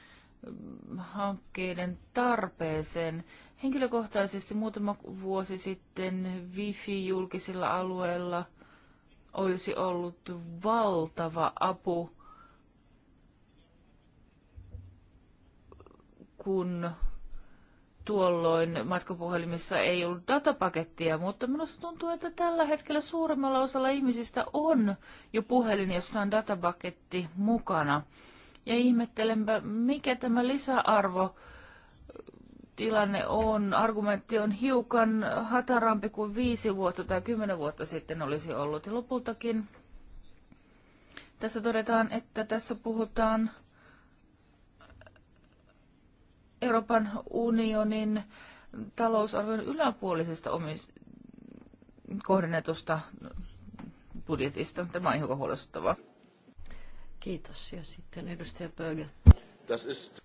mm, hankkeiden tarpeeseen. Henkilökohtaisesti muutama vuosi sitten wifi julkisilla alueilla olisi ollut valtava apu, kun tuolloin matkapuhelimissa ei ollut datapakettia, mutta minusta tuntuu, että tällä hetkellä suurimmalla osalla ihmisistä on jo puhelin, jossa on datapaketti mukana. Ja ihmettelenpä, mikä tämä lisäarvo tilanne on. Argumentti on hiukan hatarampi kuin viisi vuotta tai kymmenen vuotta sitten olisi ollut. Ja lopultakin tässä todetaan, että tässä puhutaan Euroopan unionin talousarvion yläpuolisesta kohdennetusta budjetista. Tämä on hiukan huolestuttavaa. Kiitos. Ja sitten edustaja Pöge. Das ist...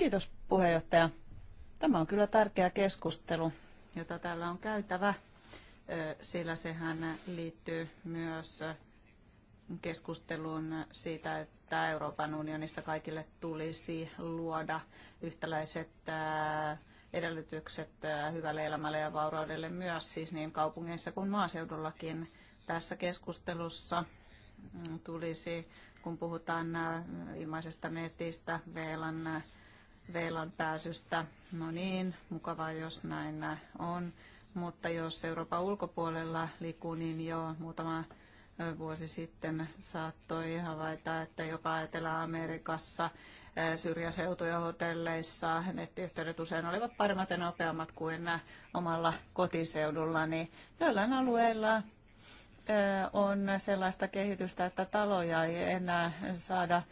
Kiitos puheenjohtaja. Tämä on kyllä tärkeä keskustelu, jota täällä on käytävä, sillä sehän liittyy myös keskusteluun siitä, että Euroopan unionissa kaikille tulisi luoda yhtäläiset edellytykset hyvälle elämälle ja vauraudelle myös siis niin kaupungeissa kuin maaseudullakin. Tässä keskustelussa mm, tulisi, kun puhutaan ilmaisesta netistä, VLAN veilan pääsystä. No niin, mukavaa jos näin on. Mutta jos Euroopan ulkopuolella liikkuu, niin jo muutama vuosi sitten saattoi havaita, että jopa Etelä-Amerikassa syrjäseutuja hotelleissa nettiyhteydet usein olivat paremmat ja nopeammat kuin omalla kotiseudulla, niin joillain alueilla on sellaista kehitystä, että taloja ei enää saada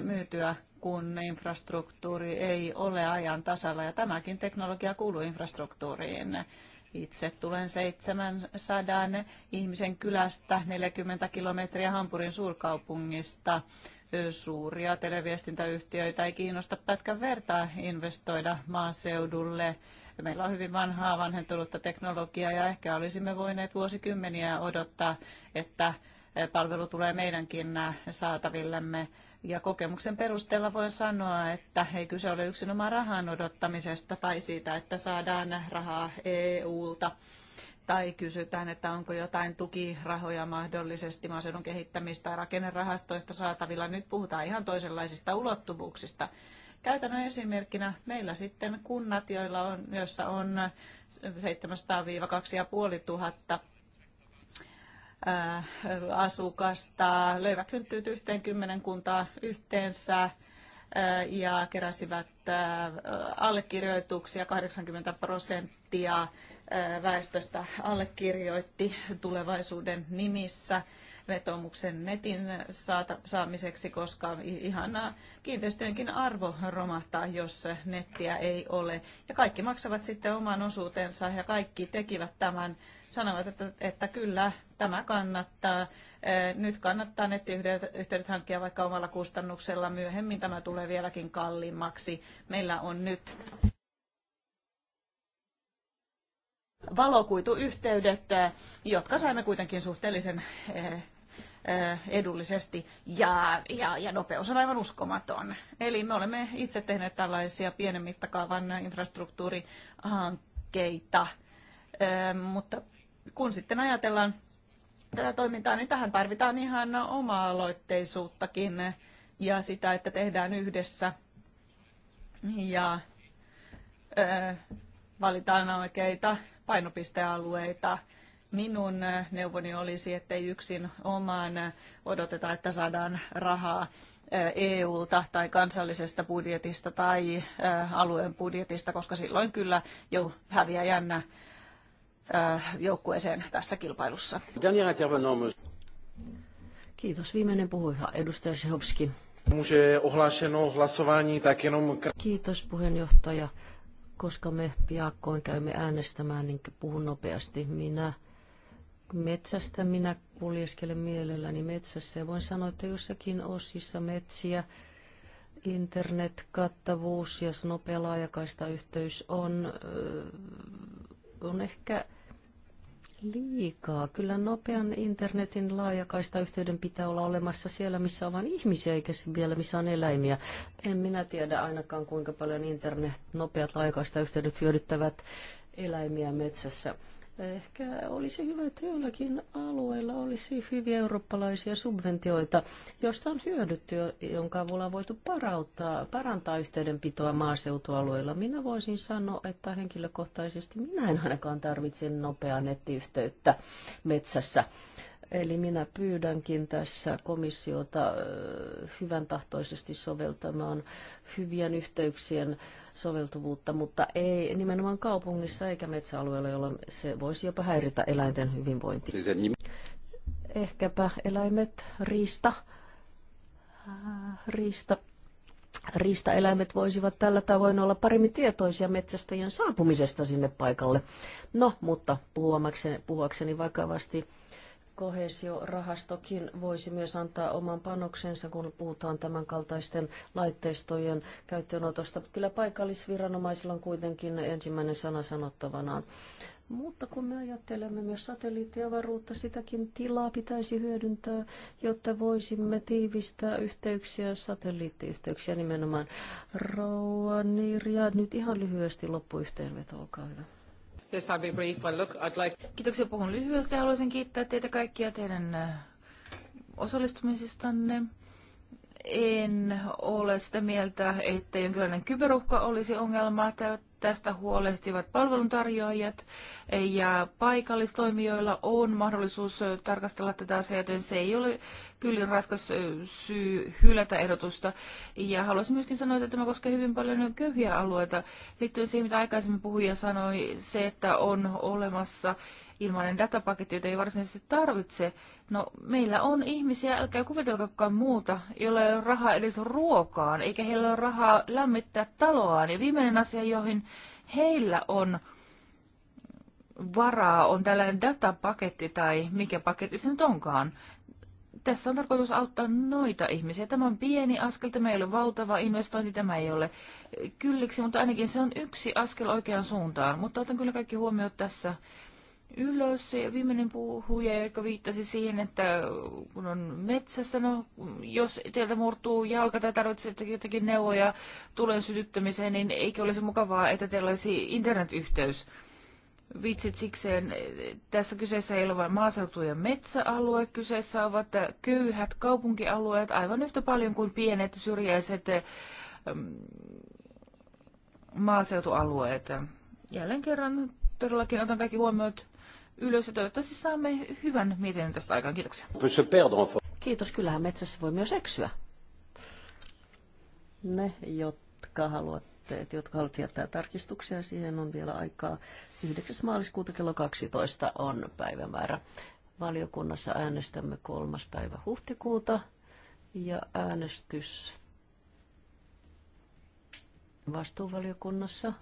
myytyä, kun infrastruktuuri ei ole ajan tasalla. Ja tämäkin teknologia kuuluu infrastruktuuriin. Itse tulen 700 ihmisen kylästä 40 kilometriä Hampurin suurkaupungista. Suuria televiestintäyhtiöitä ei kiinnosta pätkän vertaa investoida maaseudulle. Meillä on hyvin vanhaa vanhentunutta teknologiaa ja ehkä olisimme voineet vuosikymmeniä odottaa, että palvelu tulee meidänkin saatavillemme ja kokemuksen perusteella voin sanoa, että ei kyse ole yksinomaan rahan odottamisesta tai siitä, että saadaan rahaa EU-ta. tai kysytään, että onko jotain tukirahoja mahdollisesti maaseudun kehittämistä tai rakennerahastoista saatavilla. Nyt puhutaan ihan toisenlaisista ulottuvuuksista. Käytännön esimerkkinä meillä sitten kunnat, joilla on, joissa on 700-2500 asukasta, löivät hynttyyt yhteen kymmenen kuntaa yhteensä ja keräsivät allekirjoituksia, 80 prosenttia väestöstä allekirjoitti tulevaisuuden nimissä vetomuksen netin saata, saamiseksi, koska ihan kiinteistöjenkin arvo romahtaa, jos nettiä ei ole. Ja kaikki maksavat sitten oman osuutensa ja kaikki tekivät tämän, sanovat, että, että kyllä tämä kannattaa. Nyt kannattaa nettiyhteydet hankkia vaikka omalla kustannuksella. Myöhemmin tämä tulee vieläkin kalliimmaksi. Meillä on nyt valokuituyhteydet, eh, jotka saimme kuitenkin suhteellisen eh, eh, edullisesti ja, ja, ja nopeus on aivan uskomaton. Eli me olemme itse tehneet tällaisia pienen mittakaavan infrastruktuurihankkeita, mutta kun sitten ajatellaan tätä toimintaa, niin tähän tarvitaan ihan omaa aloitteisuuttakin ja sitä, että tehdään yhdessä ja valitaan oikeita painopistealueita. Minun neuvoni olisi, ei yksin omaan odoteta, että saadaan rahaa EUlta eh, e tai kansallisesta budjetista tai eh, alueen budjetista, koska silloin kyllä jo häviää jännä eh, joukkueeseen tässä kilpailussa. Kiitos. Viimeinen puhuja, edustaja Sehovski. Kiitos puheenjohtaja. Koska me piakkoin käymme äänestämään, niin puhun nopeasti. Minä metsästä minä kuljeskelen mielelläni metsässä ja voin sanoa, että jossakin osissa metsiä internetkattavuus ja nopea laajakaistayhteys on, on ehkä liikaa. Kyllä nopean internetin laajakaistayhteyden pitää olla olemassa siellä, missä on vain ihmisiä, eikä vielä missä on eläimiä. En minä tiedä ainakaan, kuinka paljon internet, nopeat laajakaistayhteydet hyödyttävät eläimiä metsässä. Ehkä olisi hyvä, että joillakin alueilla olisi hyviä eurooppalaisia subventioita, joista on hyödytty, jonka avulla on voitu parauttaa, parantaa yhteydenpitoa maaseutualueilla. Minä voisin sanoa, että henkilökohtaisesti minä en ainakaan tarvitse nopeaa nettiyhteyttä metsässä. Eli minä pyydänkin tässä komissiota hyvän tahtoisesti soveltamaan hyvien yhteyksien soveltuvuutta, mutta ei nimenomaan kaupungissa eikä metsäalueella, jolloin se voisi jopa häiritä eläinten hyvinvointia. Siis Ehkäpä eläimet, riista, riista riistaeläimet voisivat tällä tavoin olla paremmin tietoisia metsästäjien saapumisesta sinne paikalle. No, mutta puhuakseni, puhuakseni vakavasti koheesiorahastokin voisi myös antaa oman panoksensa, kun puhutaan tämän kaltaisten laitteistojen käyttöönotosta. Kyllä paikallisviranomaisilla on kuitenkin ensimmäinen sana sanottavanaan. Mutta kun me ajattelemme myös satelliittiavaruutta, sitäkin tilaa pitäisi hyödyntää, jotta voisimme tiivistää yhteyksiä, satelliittiyhteyksiä nimenomaan. Rouva Nirja, nyt ihan lyhyesti loppuyhteenveto, olkaa hyvä. Yes, I'll be brief. Well, look, I'd like... Kiitoksia. Puhun lyhyesti. Haluaisin kiittää teitä kaikkia teidän äh, osallistumisistanne. En ole sitä mieltä, että jonkinlainen kyberuhka olisi ongelma. Tästä huolehtivat palveluntarjoajat ja paikallistoimijoilla on mahdollisuus tarkastella tätä asiaa, joten se ei ole kyllin raskas syy hylätä ehdotusta. Ja haluaisin myöskin sanoa, että tämä koskee hyvin paljon köyhiä alueita. Liittyen siihen, mitä aikaisemmin puhuja sanoi, se, että on olemassa ilmainen datapaketti, jota ei varsinaisesti tarvitse. No, meillä on ihmisiä, älkää kuvitelkakaan muuta, joilla ei ole rahaa edes ruokaan, eikä heillä ole rahaa lämmittää taloaan. Ja viimeinen asia, johon heillä on varaa, on tällainen datapaketti tai mikä paketti se nyt onkaan. Tässä on tarkoitus auttaa noita ihmisiä. Tämä on pieni askel, tämä ei ole valtava investointi, tämä ei ole kylliksi, mutta ainakin se on yksi askel oikeaan suuntaan. Mutta otan kyllä kaikki huomioon tässä ylös. Ja viimeinen puhuja, joka viittasi siihen, että kun on metsässä, no jos teiltä murtuu jalka tai tarvitsette jotakin neuvoja tulen sytyttämiseen, niin eikö olisi mukavaa, että teillä olisi internetyhteys? Vitsit sikseen, tässä kyseessä ei ole vain maaseutu- ja metsäalue, kyseessä ovat köyhät kaupunkialueet aivan yhtä paljon kuin pienet syrjäiset ähm, maaseutualueet. Jälleen kerran todellakin otan kaikki huomiot ylös ja toivottavasti saamme hyvän mietinnön tästä aikaan. Kiitoksia. Kiitos. Kyllähän metsässä voi myös eksyä. Ne, jotka haluatte, jotka haluatte jättää tarkistuksia, siihen on vielä aikaa. 9. maaliskuuta kello 12 on päivämäärä. Valiokunnassa äänestämme kolmas päivä huhtikuuta ja äänestys vastuuvaliokunnassa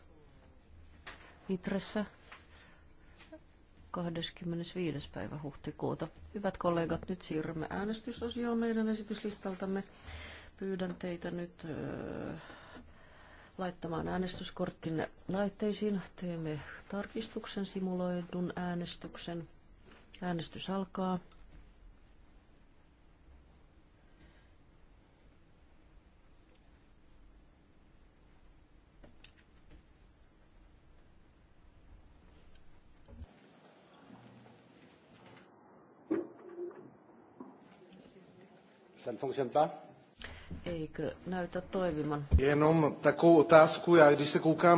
Itressä 25. päivä huhtikuuta. Hyvät kollegat, nyt siirrymme äänestysosioon meidän esityslistaltamme. Pyydän teitä nyt laittamaan äänestyskorttinne laitteisiin. Teemme tarkistuksen simuloidun äänestyksen. Äänestys alkaa. Ça ne fonctionne pas? Eikö näytä toimivan? Jenom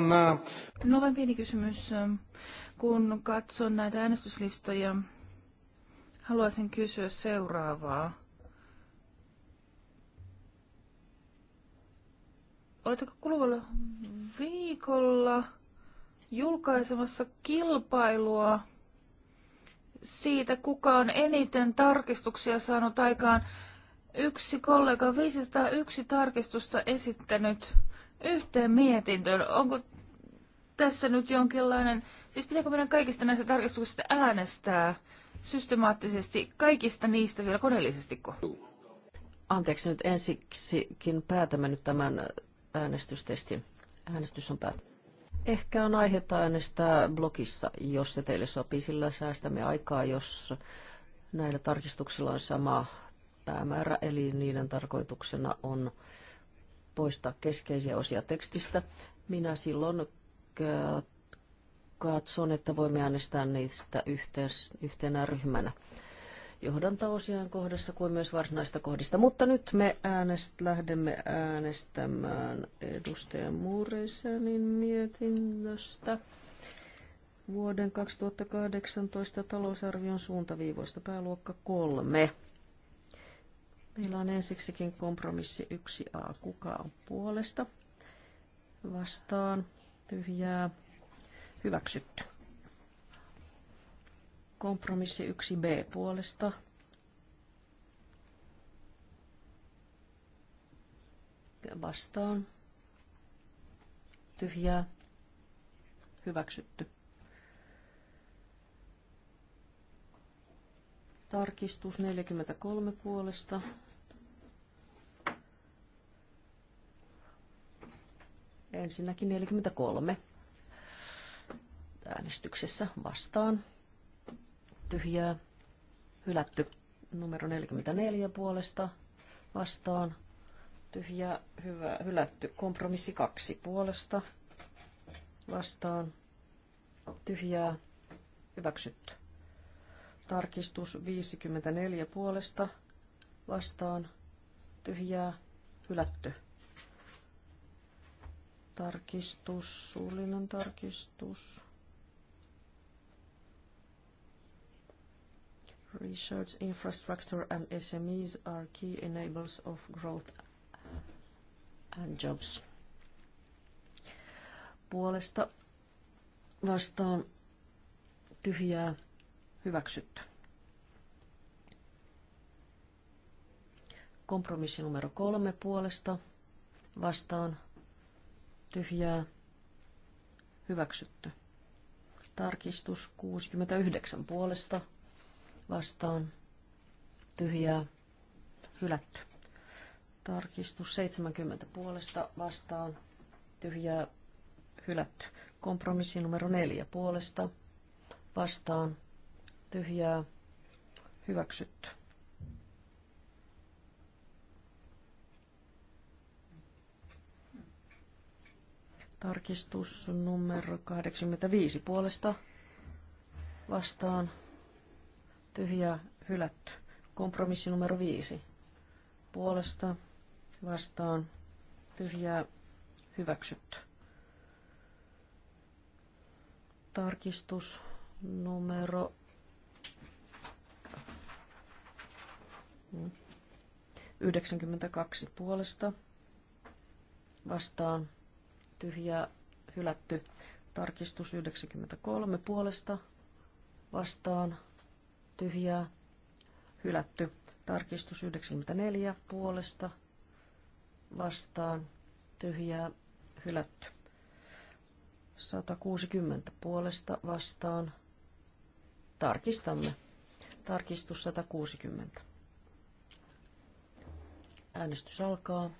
na... No vain pieni kysymys. Kun katson näitä äänestyslistoja, haluaisin kysyä seuraavaa. Oletteko kuluvalla viikolla julkaisemassa kilpailua siitä, kuka on eniten tarkistuksia saanut aikaan yksi kollega 501 tarkistusta esittänyt yhteen mietintöön. Onko tässä nyt jonkinlainen, siis pitääkö meidän kaikista näistä tarkistuksista äänestää systemaattisesti, kaikista niistä vielä koneellisestiko? Anteeksi nyt ensiksikin päätämme nyt tämän äänestystestin. Äänestys on päättynyt. Ehkä on aihetta äänestää blogissa, jos se teille sopii, sillä säästämme aikaa, jos näillä tarkistuksilla on sama päämäärä, eli niiden tarkoituksena on poistaa keskeisiä osia tekstistä. Minä silloin katson, että voimme äänestää niistä yhtenä ryhmänä johdantaosiaan kohdassa kuin myös varsinaista kohdista. Mutta nyt me äänest, lähdemme äänestämään edustaja muurisenin mietinnöstä vuoden 2018 talousarvion suuntaviivoista pääluokka kolme. Meillä on ensiksikin kompromissi 1a. Kuka on puolesta? Vastaan. Tyhjää. Hyväksytty. Kompromissi 1b puolesta. Vastaan. Tyhjää. Hyväksytty. Tarkistus 43 puolesta. Ensinnäkin 43 äänestyksessä vastaan. Tyhjää. Hylätty numero 44 puolesta vastaan. Tyhjä, hyvä, hylätty. Kompromissi 2 puolesta vastaan. Tyhjää, hyväksytty. Tarkistus 54 puolesta vastaan tyhjää hylätty. Tarkistus, suullinen tarkistus. Research infrastructure and SMEs are key enablers of growth and jobs. Puolesta vastaan tyhjää Hyväksytty. Kompromissi numero kolme puolesta vastaan tyhjää hyväksytty. Tarkistus 69 puolesta vastaan tyhjää hylätty. Tarkistus 70 puolesta vastaan tyhjää hylätty. Kompromissi numero 4 puolesta vastaan tyhjää hyväksytty. Tarkistus numero 85 puolesta vastaan tyhjä hylätty. Kompromissi numero 5 puolesta vastaan tyhjää hyväksytty. Tarkistus numero 92 puolesta vastaan tyhjä hylätty. Tarkistus 93 puolesta vastaan tyhjä hylätty. Tarkistus 94 puolesta vastaan tyhjä hylätty. 160 puolesta vastaan. Tarkistamme. Tarkistus 160. Äänestys alkaa.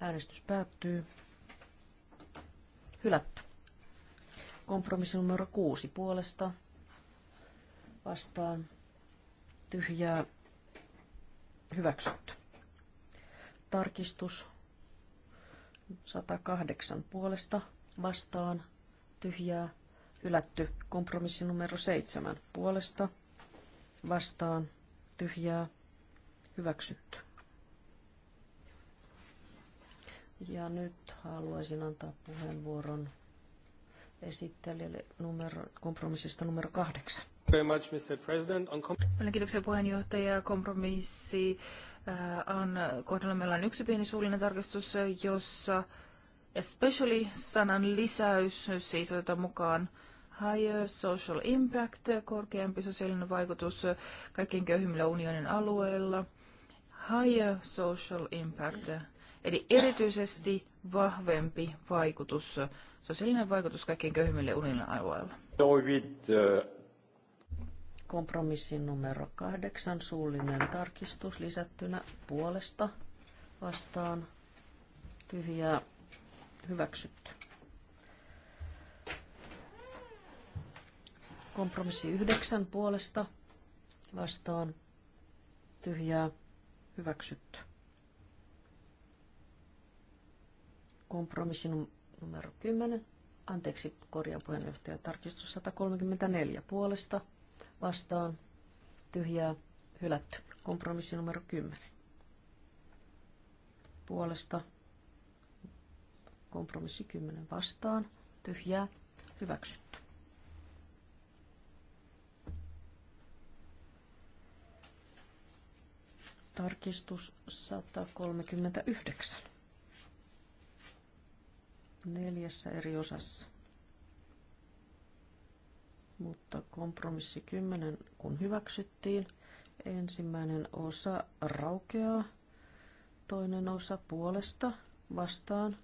Äänestys päättyy. Hylätty. Kompromissi numero kuusi puolesta. Vastaan. Tyhjää. Hyväksytty. Tarkistus 108 puolesta. Vastaan. Tyhjää. Hylätty. Kompromissi numero seitsemän puolesta. Vastaan. Tyhjää Hyväksytty. Ja nyt haluaisin antaa puheenvuoron esittelijälle numero, kompromissista numero kahdeksan. Very much, Mr. President. On Paljon kiitoksia puheenjohtaja. Kompromissi äh, on kohdalla meillä on yksi pieni suullinen tarkistus, jossa especially-sanan lisäys siis otetaan mukaan higher social impact, korkeampi sosiaalinen vaikutus kaikkien köyhimmillä unionin alueilla – Higher social impact, eli erityisesti vahvempi vaikutus, sosiaalinen vaikutus kaikkein köyhimmille unilla alueilla. Kompromissin numero kahdeksan, suullinen tarkistus lisättynä puolesta vastaan tyhjää hyväksytty. Kompromissi yhdeksän puolesta vastaan tyhjää Hyväksytty. Kompromissi numero 10. Anteeksi, korjaan puheenjohtaja. Tarkistus 134 puolesta vastaan. Tyhjää. Hylätty. Kompromissi numero 10. Puolesta. Kompromissi 10 vastaan. Tyhjää. Hyväksytty. Tarkistus 139. Neljässä eri osassa. Mutta kompromissi 10, kun hyväksyttiin, ensimmäinen osa raukeaa, toinen osa puolesta vastaan,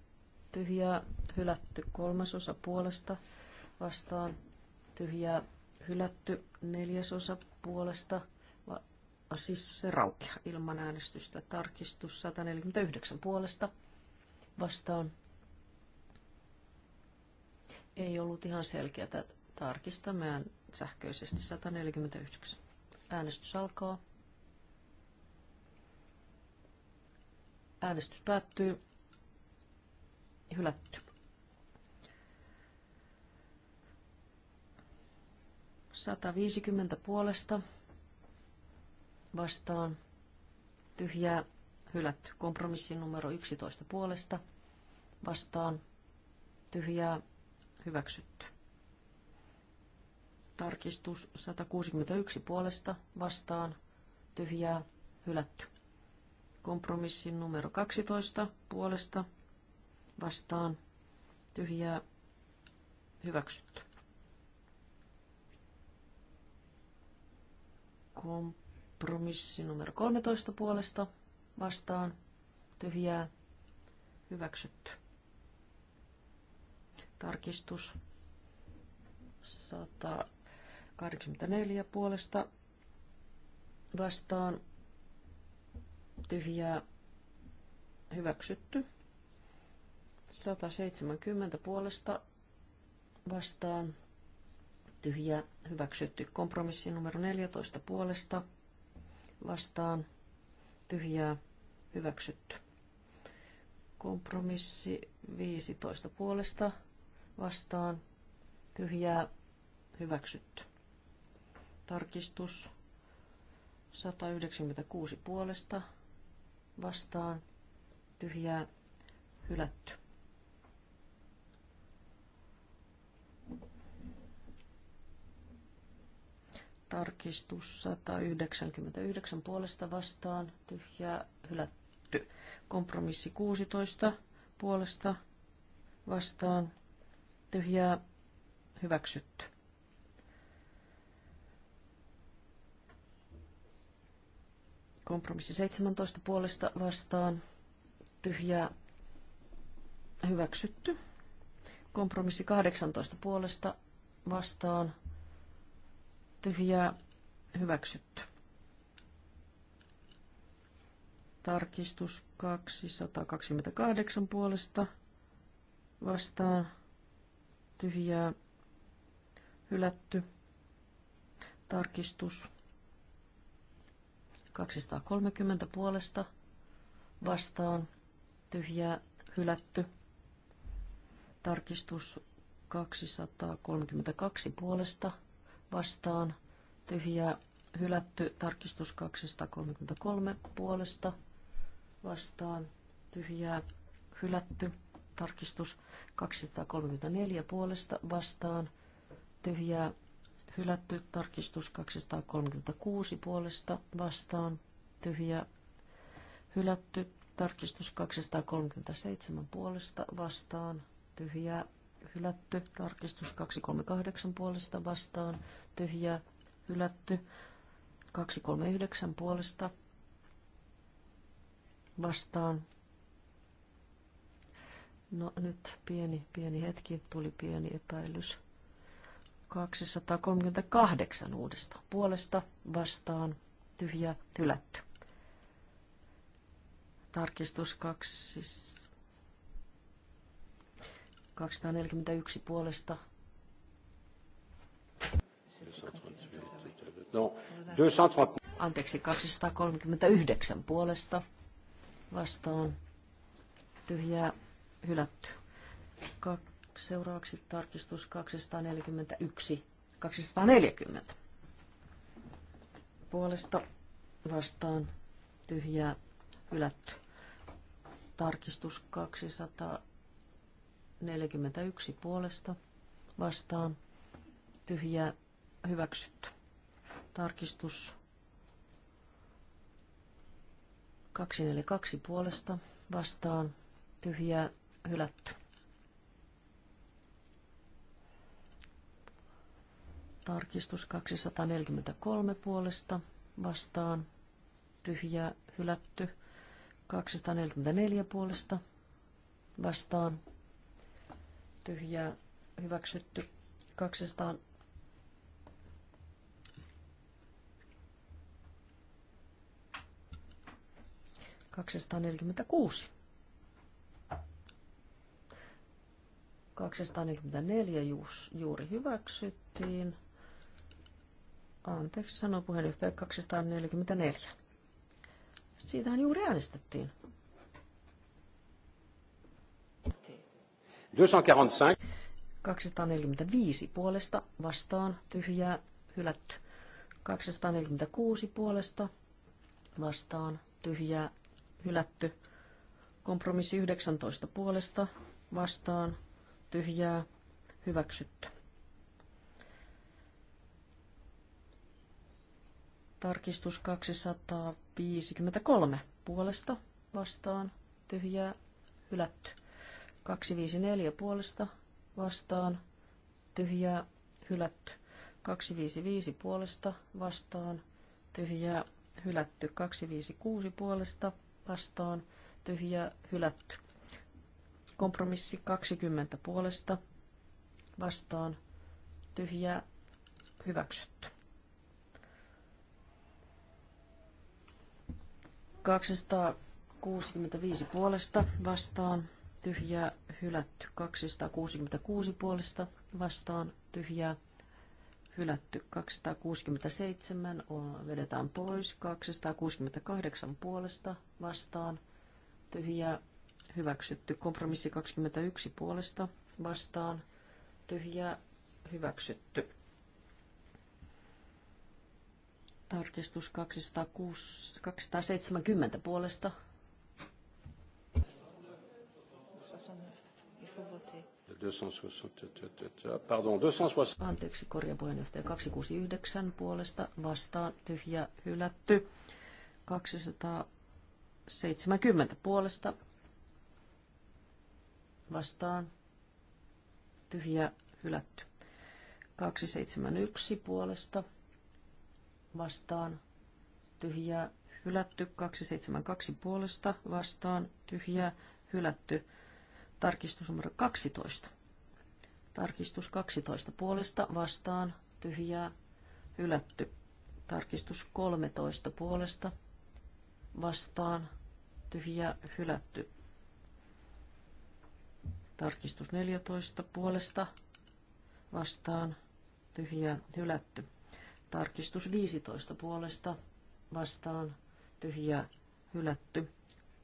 tyhjää hylätty, kolmas osa puolesta vastaan, tyhjää hylätty, neljäs osa puolesta vastaan siis se raukea ilman äänestystä. Tarkistus 149 puolesta vastaan. Ei ollut ihan selkeää. tarkistamaan sähköisesti 149. Äänestys alkaa. Äänestys päättyy. Hylätty. Sata viisikymmentä puolesta vastaan tyhjää hylätty. Kompromissi numero 11 puolesta vastaan tyhjää hyväksytty. Tarkistus 161 puolesta vastaan tyhjää hylätty. Kompromissin numero 12 puolesta vastaan tyhjää hyväksytty. Kompromissi Kompromissi numero 13 puolesta vastaan tyhjää hyväksytty. Tarkistus 184 puolesta vastaan tyhjää hyväksytty. 170 puolesta vastaan tyhjä hyväksytty. Kompromissi numero 14 puolesta vastaan tyhjää hyväksytty. Kompromissi 15 puolesta vastaan tyhjää hyväksytty. Tarkistus 196 puolesta vastaan tyhjää hylätty. Tarkistus 199 puolesta vastaan, tyhjää hylätty. Kompromissi 16 puolesta vastaan, tyhjää hyväksytty. Kompromissi 17 puolesta vastaan, tyhjää hyväksytty. Kompromissi 18 puolesta vastaan, tyhjää hyväksytty. Tarkistus 228 puolesta vastaan tyhjää hylätty. Tarkistus 230 puolesta vastaan tyhjää hylätty. Tarkistus 232 puolesta vastaan tyhjää hylätty. Tarkistus 233 puolesta vastaan tyhjää hylätty. Tarkistus 234 puolesta vastaan tyhjää hylätty. Tarkistus 236 puolesta vastaan tyhjää hylätty. Tarkistus 237 puolesta vastaan tyhjää hylätty. Tarkistus 238 puolesta vastaan, tyhjä hylätty. 239 puolesta vastaan. No nyt pieni, pieni hetki, tuli pieni epäilys. 238 uudesta puolesta vastaan, tyhjä, hylätty. Tarkistus 2 241 puolesta. No, Anteeksi, 239 puolesta vastaan tyhjää hylätty. Ka- seuraavaksi tarkistus 241, 240 puolesta vastaan tyhjää hylätty. Tarkistus 200 41 puolesta vastaan tyhjää hyväksytty. Tarkistus 242 puolesta vastaan tyhjää hylätty. Tarkistus 243 puolesta vastaan tyhjää hylätty. 244 puolesta vastaan tyhjää hyväksytty 200 246. 244 juuri hyväksyttiin. Anteeksi, sanoi puheenjohtaja 244. Siitähän juuri äänestettiin. 245. 245 puolesta vastaan tyhjää hylätty. 246 puolesta vastaan tyhjää hylätty. Kompromissi 19 puolesta vastaan tyhjää hyväksytty. Tarkistus 253 puolesta vastaan tyhjää hylätty. 254 puolesta vastaan tyhjää hylätty. 255 puolesta vastaan tyhjää hylätty. 256 puolesta vastaan tyhjää hylätty. Kompromissi 20 puolesta vastaan tyhjää hyväksytty. 265 puolesta vastaan tyhjää hylätty 266 puolesta vastaan tyhjää hylätty 267 on, vedetään pois 268 puolesta vastaan tyhjää hyväksytty kompromissi 21 puolesta vastaan tyhjää hyväksytty tarkistus 206, 270 puolesta 260, Anteeksi, korjan puheenjohtaja 269 puolesta vastaan tyhjä hylätty. 270 puolesta vastaan tyhjä hylätty. 271 puolesta vastaan tyhjä hylätty. 272 puolesta vastaan tyhjä hylätty. Tarkistus numero 12. Tarkistus 12 puolesta vastaan tyhjää hylätty. Tarkistus 13 puolesta vastaan tyhjää hylätty. Tarkistus 14 puolesta vastaan tyhjää hylätty. Tarkistus 15 puolesta vastaan tyhjää hylätty.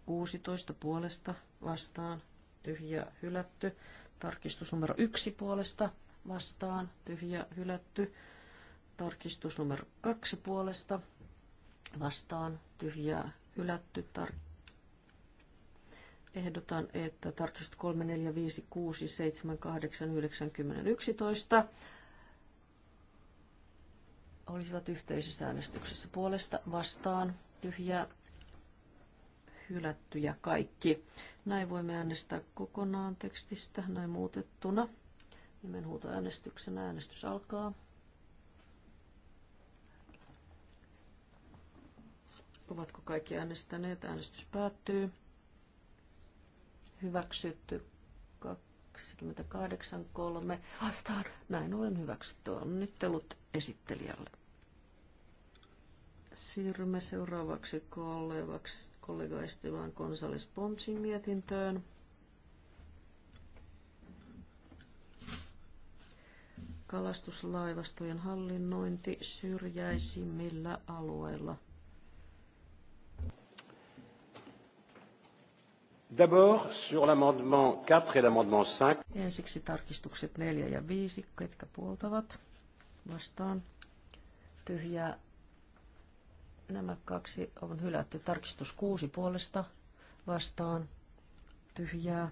16 puolesta vastaan tyhjä hylätty. Tarkistus numero yksi puolesta vastaan, tyhjä hylätty. Tarkistus numero kaksi puolesta vastaan, tyhjä hylätty. Tar- Ehdotan, että tarkistus 3, 4, 5, 6, 7, 8, 9, 10, 11 olisivat yhteisessä äänestyksessä puolesta vastaan, tyhjä, ja kaikki. Näin voimme äänestää kokonaan tekstistä, näin muutettuna. Nimenhuutoäänestyksen äänestys alkaa. Ovatko kaikki äänestäneet? Äänestys päättyy. Hyväksytty 28.3. Vastaan. Näin olen hyväksytty. Onnittelut esittelijälle. Siirrymme seuraavaksi kollega Esteban Gonzales Pontsin mietintöön. Kalastuslaivastojen hallinnointi syrjäisimmillä alueilla. D'abord sur l'amendement 4 et l'amendement 5. Ensiksi tarkistukset 4 ja 5, ketkä puoltavat vastaan. Tyhjää Nämä kaksi on hylätty. Tarkistus kuusi puolesta vastaan tyhjää.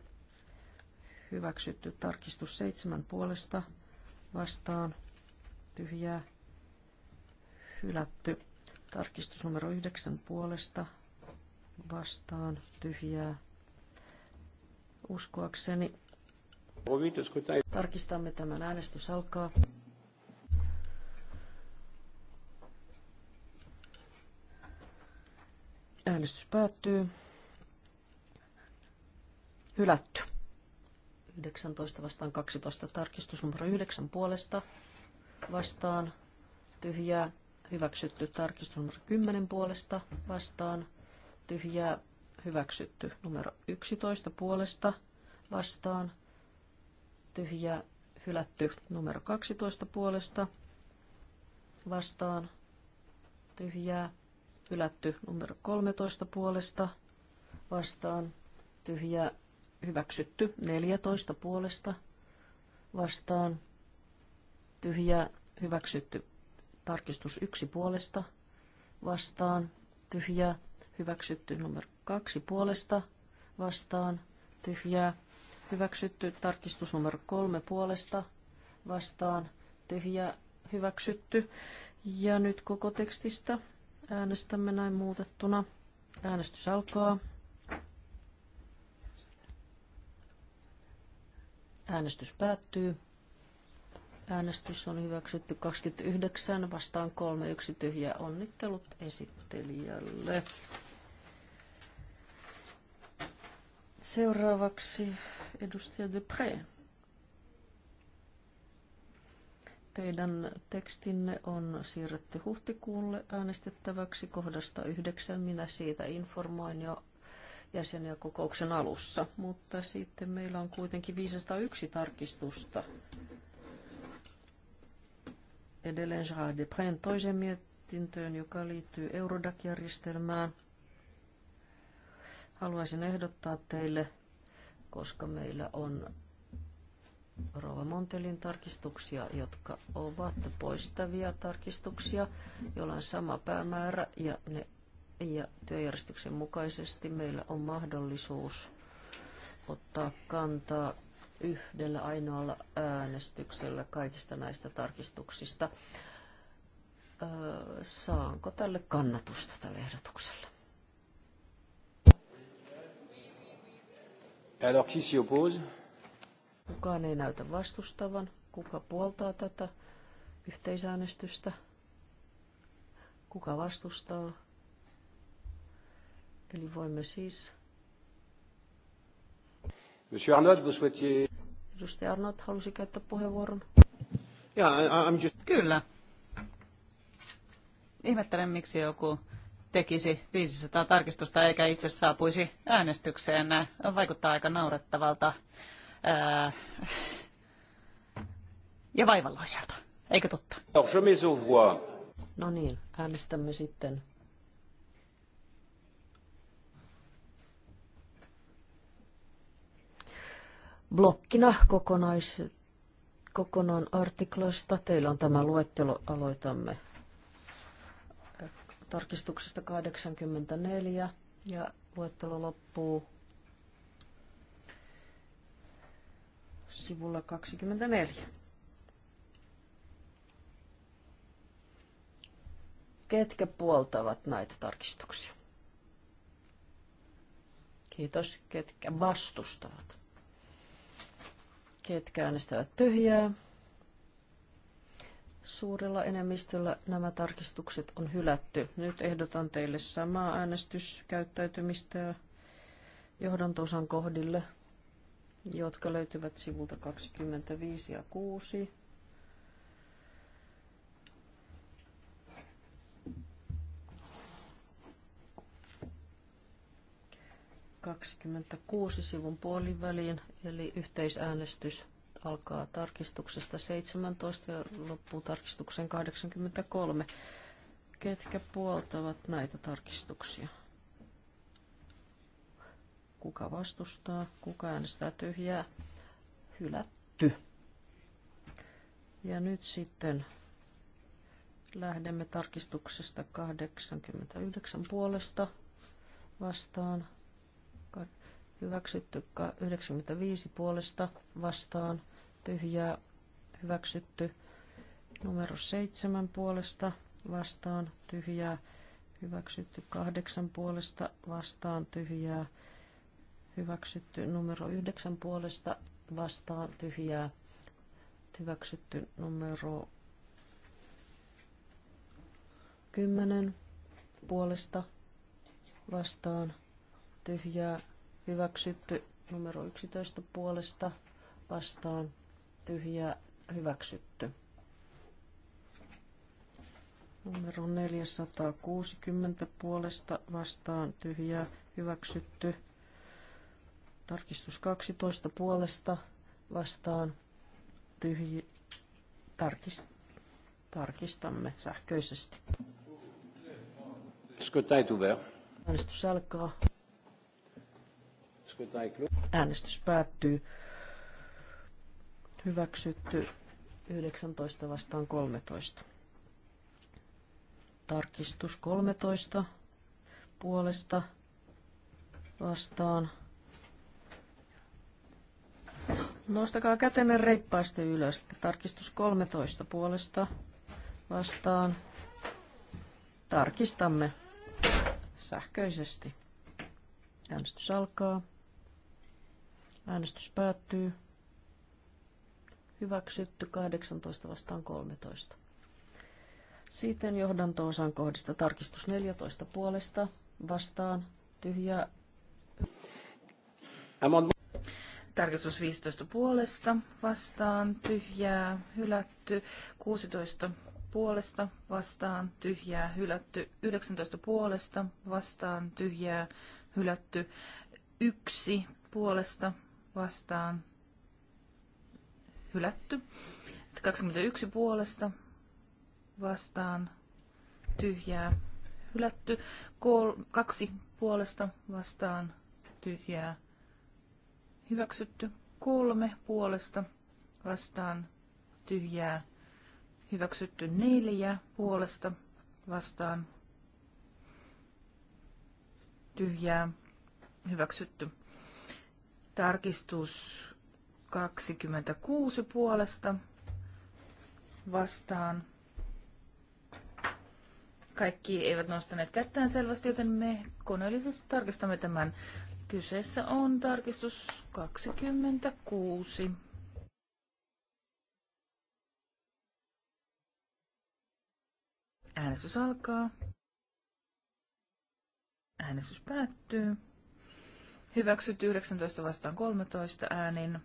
Hyväksytty tarkistus seitsemän puolesta vastaan tyhjää. Hylätty tarkistus numero yhdeksän puolesta vastaan tyhjää. Uskoakseni tarkistamme tämän äänestys alkaa. Äänestys päättyy. Hylätty. 19 vastaan 12. Tarkistus numero 9 puolesta vastaan. Tyhjää. Hyväksytty. Tarkistus numero 10 puolesta vastaan. Tyhjää. Hyväksytty. Numero 11 puolesta vastaan. Tyhjää. Hylätty. Numero 12 puolesta vastaan. Tyhjää hylätty numero 13 puolesta vastaan tyhjä hyväksytty 14 puolesta vastaan tyhjä hyväksytty tarkistus 1 puolesta vastaan tyhjä hyväksytty numero 2 puolesta vastaan tyhjä hyväksytty tarkistus numero 3 puolesta vastaan tyhjä hyväksytty ja nyt koko tekstistä Äänestämme näin muutettuna. Äänestys alkaa. Äänestys päättyy. Äänestys on hyväksytty 29 vastaan 3 yksi tyhjä. Onnittelut esittelijälle. Seuraavaksi edustaja Dupré. Teidän tekstinne on siirretty huhtikuulle äänestettäväksi kohdasta yhdeksän. Minä siitä informoin jo jäseniä kokouksen alussa, mutta sitten meillä on kuitenkin 501 tarkistusta. Edelleen de Prenn toisen mietintöön, joka liittyy Eurodac-järjestelmään. Haluaisin ehdottaa teille, koska meillä on Rova Montelin tarkistuksia, jotka ovat poistavia tarkistuksia, joilla on sama päämäärä ja, ne, ja työjärjestyksen mukaisesti meillä on mahdollisuus ottaa kantaa yhdellä ainoalla äänestyksellä kaikista näistä tarkistuksista. Öö, saanko tälle kannatusta tälle ehdotukselle? Alors qui s'y oppose? Kukaan ei näytä vastustavan. Kuka puoltaa tätä yhteisäänestystä? Kuka vastustaa? Eli voimme siis... Monsieur Arnaud, vous souhaitiez... Edustaja Arnaud halusi käyttää puheenvuoron. Yeah, I'm just... Kyllä. Ihmettelen, miksi joku tekisi 500 tarkistusta eikä itse saapuisi äänestykseen. Vaikuttaa aika naurettavalta ja vaivalloiselta. Eikö totta? No niin, äänestämme sitten. Blokkina kokonais, kokonaan artikloista. Teillä on tämä luettelo. Aloitamme tarkistuksesta 84 ja luettelo loppuu sivulla 24. Ketkä puoltavat näitä tarkistuksia? Kiitos. Ketkä vastustavat? Ketkä äänestävät tyhjää? Suurella enemmistöllä nämä tarkistukset on hylätty. Nyt ehdotan teille samaa äänestyskäyttäytymistä johdantosan kohdille jotka löytyvät sivulta 25 ja 6. sivun puoliväliin, eli yhteisäänestys alkaa tarkistuksesta 17 ja loppuu tarkistuksen 83. Ketkä puoltavat näitä tarkistuksia? Kuka vastustaa? Kuka äänestää tyhjää? Hylätty. Ja nyt sitten lähdemme tarkistuksesta 89 puolesta vastaan. Hyväksytty 95 puolesta vastaan. Tyhjää hyväksytty. Numero 7 puolesta vastaan tyhjää. Hyväksytty 8 puolesta vastaan tyhjää. Hyväksytty numero yhdeksän puolesta vastaan tyhjää. Hyväksytty numero kymmenen puolesta vastaan tyhjää. Hyväksytty numero yksitoista puolesta vastaan tyhjää. Hyväksytty. Numero 460 puolesta vastaan tyhjää hyväksytty. Tarkistus 12 puolesta vastaan tyhji, tarkist, tarkistamme sähköisesti. Äänestys alkaa. Äänestys päättyy. Hyväksytty 19 vastaan 13. Tarkistus 13 puolesta vastaan Nostakaa kätenne reippaasti ylös. Tarkistus 13 puolesta vastaan. Tarkistamme sähköisesti. Äänestys alkaa. Äänestys päättyy. Hyväksytty 18 vastaan 13. Sitten johdanto-osan kohdista tarkistus 14 puolesta vastaan tyhjä. Tarkistus 15 puolesta vastaan tyhjää hylätty. 16 puolesta vastaan tyhjää hylätty. 19 puolesta vastaan tyhjää hylätty. 1 puolesta vastaan hylätty. 21 puolesta vastaan tyhjää hylätty. 2 puolesta vastaan tyhjää hylätty hyväksytty. Kolme puolesta vastaan tyhjää, hyväksytty. Neljä puolesta vastaan tyhjää, hyväksytty. Tarkistus 26 puolesta vastaan. Kaikki eivät nostaneet kättään selvästi, joten me koneellisesti tarkistamme tämän Kyseessä on tarkistus 26. Äänestys alkaa. Äänestys päättyy. Hyväksytty 19 vastaan 13 äänin.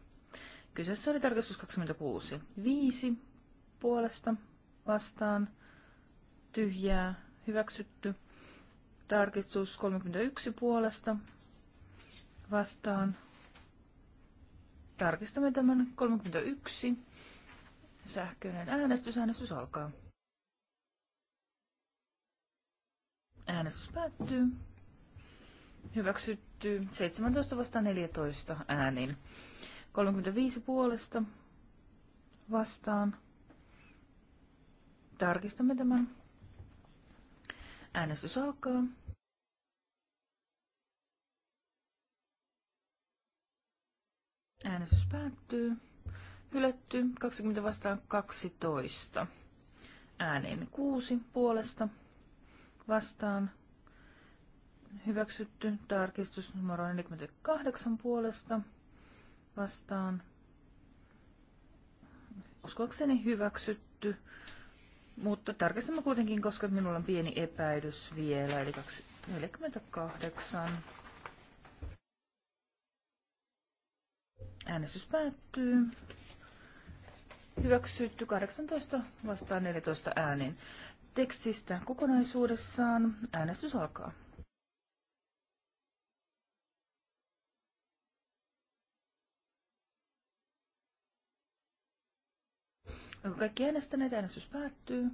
Kyseessä oli tarkistus 26. 5 puolesta vastaan tyhjää hyväksytty. Tarkistus 31 puolesta vastaan. Tarkistamme tämän 31. Sähköinen äänestys. Äänestys alkaa. Äänestys päättyy. Hyväksytty 17 vasta 14 äänin. 35 puolesta vastaan. Tarkistamme tämän. Äänestys alkaa. Äänestys päättyy. Hylätty 20 vastaan 12. Äänen 6 puolesta vastaan. Hyväksytty tarkistus numero 48 puolesta vastaan. Uskoakseni hyväksytty, mutta tarkistamme kuitenkin, koska minulla on pieni epäilys vielä, eli 48. Äänestys päättyy. Hyväksytty 18 vastaan 14 äänin. Tekstistä kokonaisuudessaan äänestys alkaa. Onko kaikki äänestäneet? Äänestys päättyy.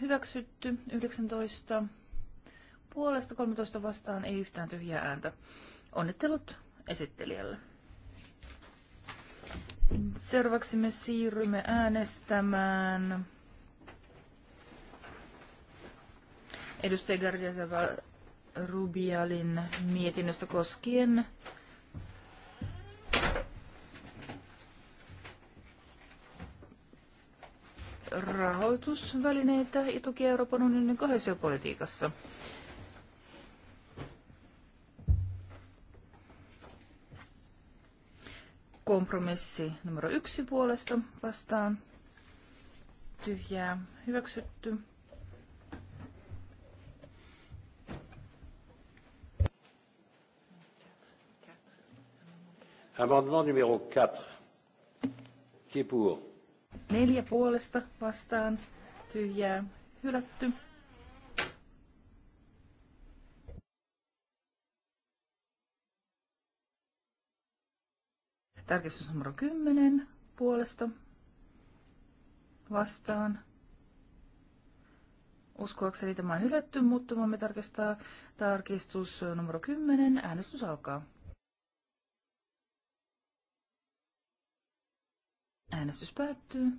Hyväksytty 19. Puolesta 13 vastaan ei yhtään tyhjää ääntä. Onnittelut esittelijälle. Seuraavaksi me siirrymme äänestämään edustaja Gardiasava Rubialin mietinnöstä koskien rahoitusvälineitä ja tukia Euroopan unionin kohesiopolitiikassa. kompromissi numero yksi puolesta vastaan. Tyhjää hyväksytty. Amendement numero 4. Qui pour? Neljä puolesta vastaan. Tyhjää hylätty. Tarkistus numero 10 puolesta vastaan. Uskoakseni tämä on hylätty, mutta voimme tarkistaa tarkistus numero 10. Äänestys alkaa. Äänestys päättyy.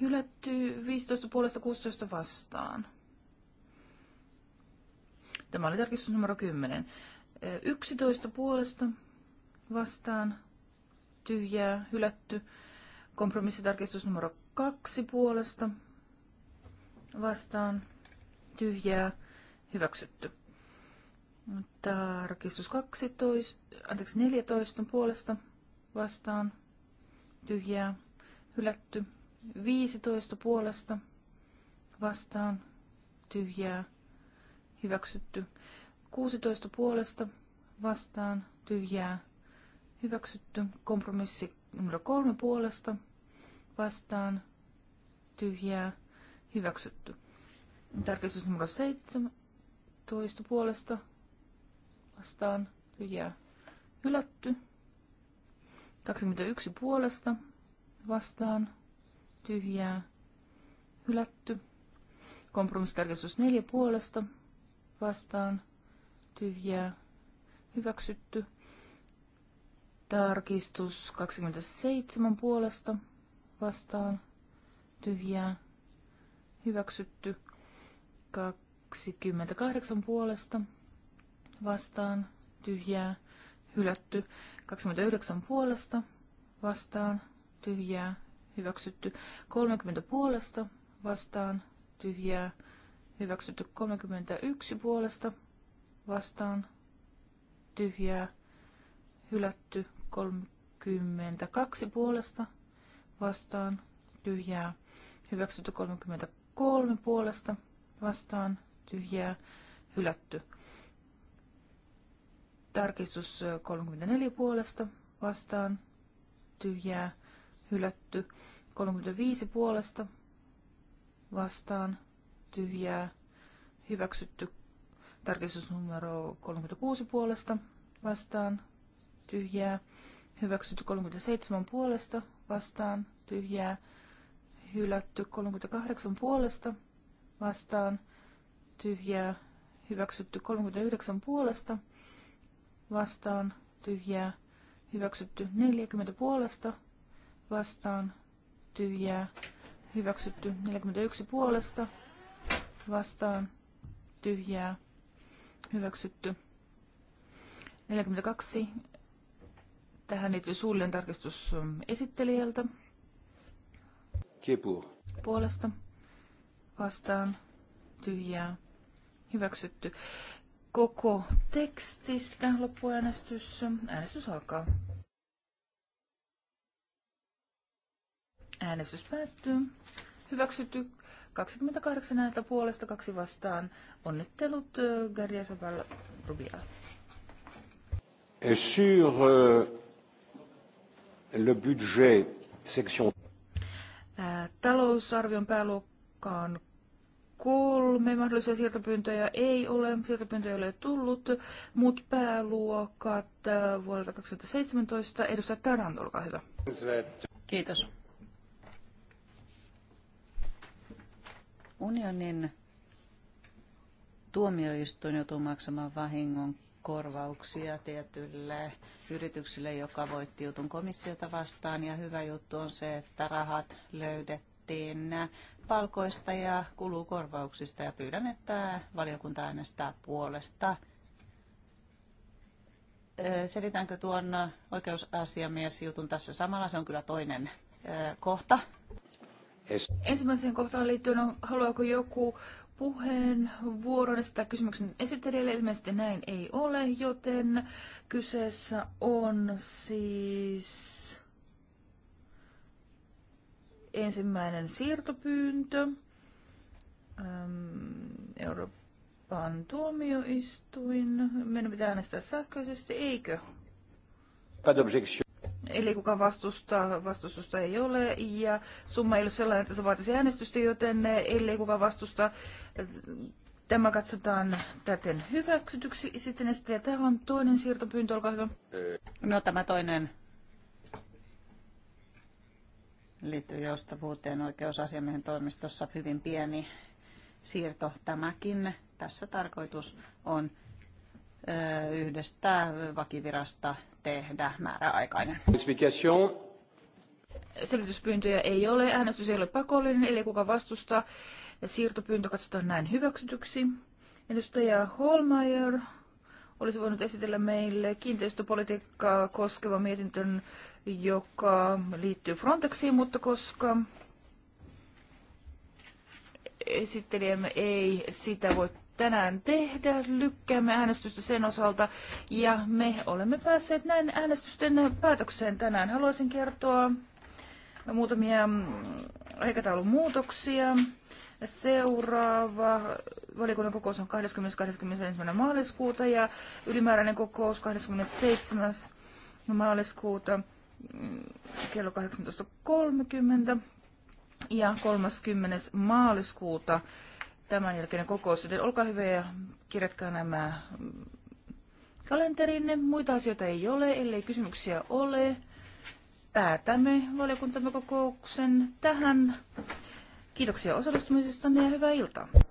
Hylätty 15 puolesta 16 vastaan. Tämä oli tarkistus numero 10. 11 puolesta vastaan tyhjää hylätty. Kompromissitarkistus numero kaksi puolesta vastaan tyhjää hyväksytty. Tarkistus 12, anteeksi 14 puolesta vastaan tyhjää hylätty. 15 puolesta vastaan tyhjää hyväksytty. 16 puolesta vastaan tyhjää Hyväksytty. Kompromissi numero kolme puolesta. Vastaan. Tyhjää. Hyväksytty. Tarkistus numero Toista puolesta. Vastaan. Tyhjää. Hylätty. 21 puolesta. Vastaan. Tyhjää. Hylätty. Kompromissitarkistus 4 puolesta. Vastaan. Tyhjää. Hyväksytty. Tarkistus 27 puolesta vastaan tyhjää hyväksytty. 28 puolesta vastaan tyhjää hylätty. 29 puolesta vastaan tyhjää hyväksytty. 30 puolesta vastaan tyhjää hyväksytty. 31 puolesta vastaan tyhjää hylätty 32 puolesta vastaan tyhjää. Hyväksytty 33 puolesta vastaan tyhjää. Hylätty. Tarkistus 34 puolesta vastaan tyhjää. Hylätty. 35 puolesta vastaan tyhjää. Hyväksytty tarkistusnumero 36 puolesta vastaan tyhjää, hyväksytty 37 puolesta, vastaan, tyhjää, hylätty 38 puolesta, vastaan, tyhjää, hyväksytty 39 puolesta, vastaan, tyhjää, hyväksytty 40 puolesta, vastaan, tyhjää, hyväksytty 41 puolesta, vastaan, tyhjää, hyväksytty 42 Tähän liittyy suullinen tarkistus ähm, esittelijältä. Kipu. Puolesta. Vastaan. Tyhjää. Hyväksytty. Koko tekstistä loppuäänestys. Äänestys alkaa. Äänestys päättyy. Hyväksytty 28 ääntä puolesta, kaksi vastaan. Onnittelut äh, Garja Rubial. Et Sur, euh le budget section. Talousarvion pääluokkaan kolme mahdollisia siirtopyyntöjä ei ole. Siirtopyyntöjä ei ole tullut. mutta pääluokat vuodelta 2017. Edustaja Tarant, olkaa hyvä. Kiitos. Unionin tuomioistuin joutuu maksamaan vahingon korvauksia tietylle yrityksille, joka voitti jutun komissiota vastaan. Ja hyvä juttu on se, että rahat löydettiin palkoista ja kulukorvauksista. Ja pyydän, että valiokunta äänestää puolesta. Selitänkö tuon jutun tässä samalla? Se on kyllä toinen kohta. Ensimmäiseen kohtaan liittyen, no, haluaako joku puheenvuoron esittää kysymyksen esittelijälle. Ilmeisesti näin ei ole, joten kyseessä on siis ensimmäinen siirtopyyntö Euroopan tuomioistuin. Meidän pitää äänestää sähköisesti, eikö? Eli kukaan vastusta, vastustusta ei ole, ja summa ei ole sellainen, että se vaatisi äänestystä, joten ellei kukaan vastusta, tämä katsotaan täten hyväksytyksi. Sitten ja tämä on toinen siirtopyyntö, olkaa hyvä. No tämä toinen liittyy joustavuuteen oikeusasiamiehen toimistossa hyvin pieni siirto tämäkin. Tässä tarkoitus on yhdestä vakivirasta tehdä määräaikainen. Selityspyyntöjä ei ole, äänestys ei ole pakollinen, eli kuka vastustaa. Siirtopyyntö katsotaan näin hyväksytyksi. Edustaja Holmeier olisi voinut esitellä meille kiinteistöpolitiikkaa koskeva mietintön, joka liittyy Frontexiin, mutta koska esittelijämme ei sitä voi tänään tehdä. Lykkäämme äänestystä sen osalta ja me olemme päässeet näin äänestysten päätökseen tänään. Haluaisin kertoa muutamia aikataulun muutoksia. Seuraava valiokunnan kokous on 20.21. maaliskuuta ja ylimääräinen kokous 27. maaliskuuta kello 18.30 ja 30. maaliskuuta tämän jälkeinen kokous, joten olkaa hyvä ja kirjatkaa nämä kalenteriinne. Muita asioita ei ole, ellei kysymyksiä ole. Päätämme valiokuntamme kokouksen tähän. Kiitoksia osallistumisestanne ja hyvää iltaa.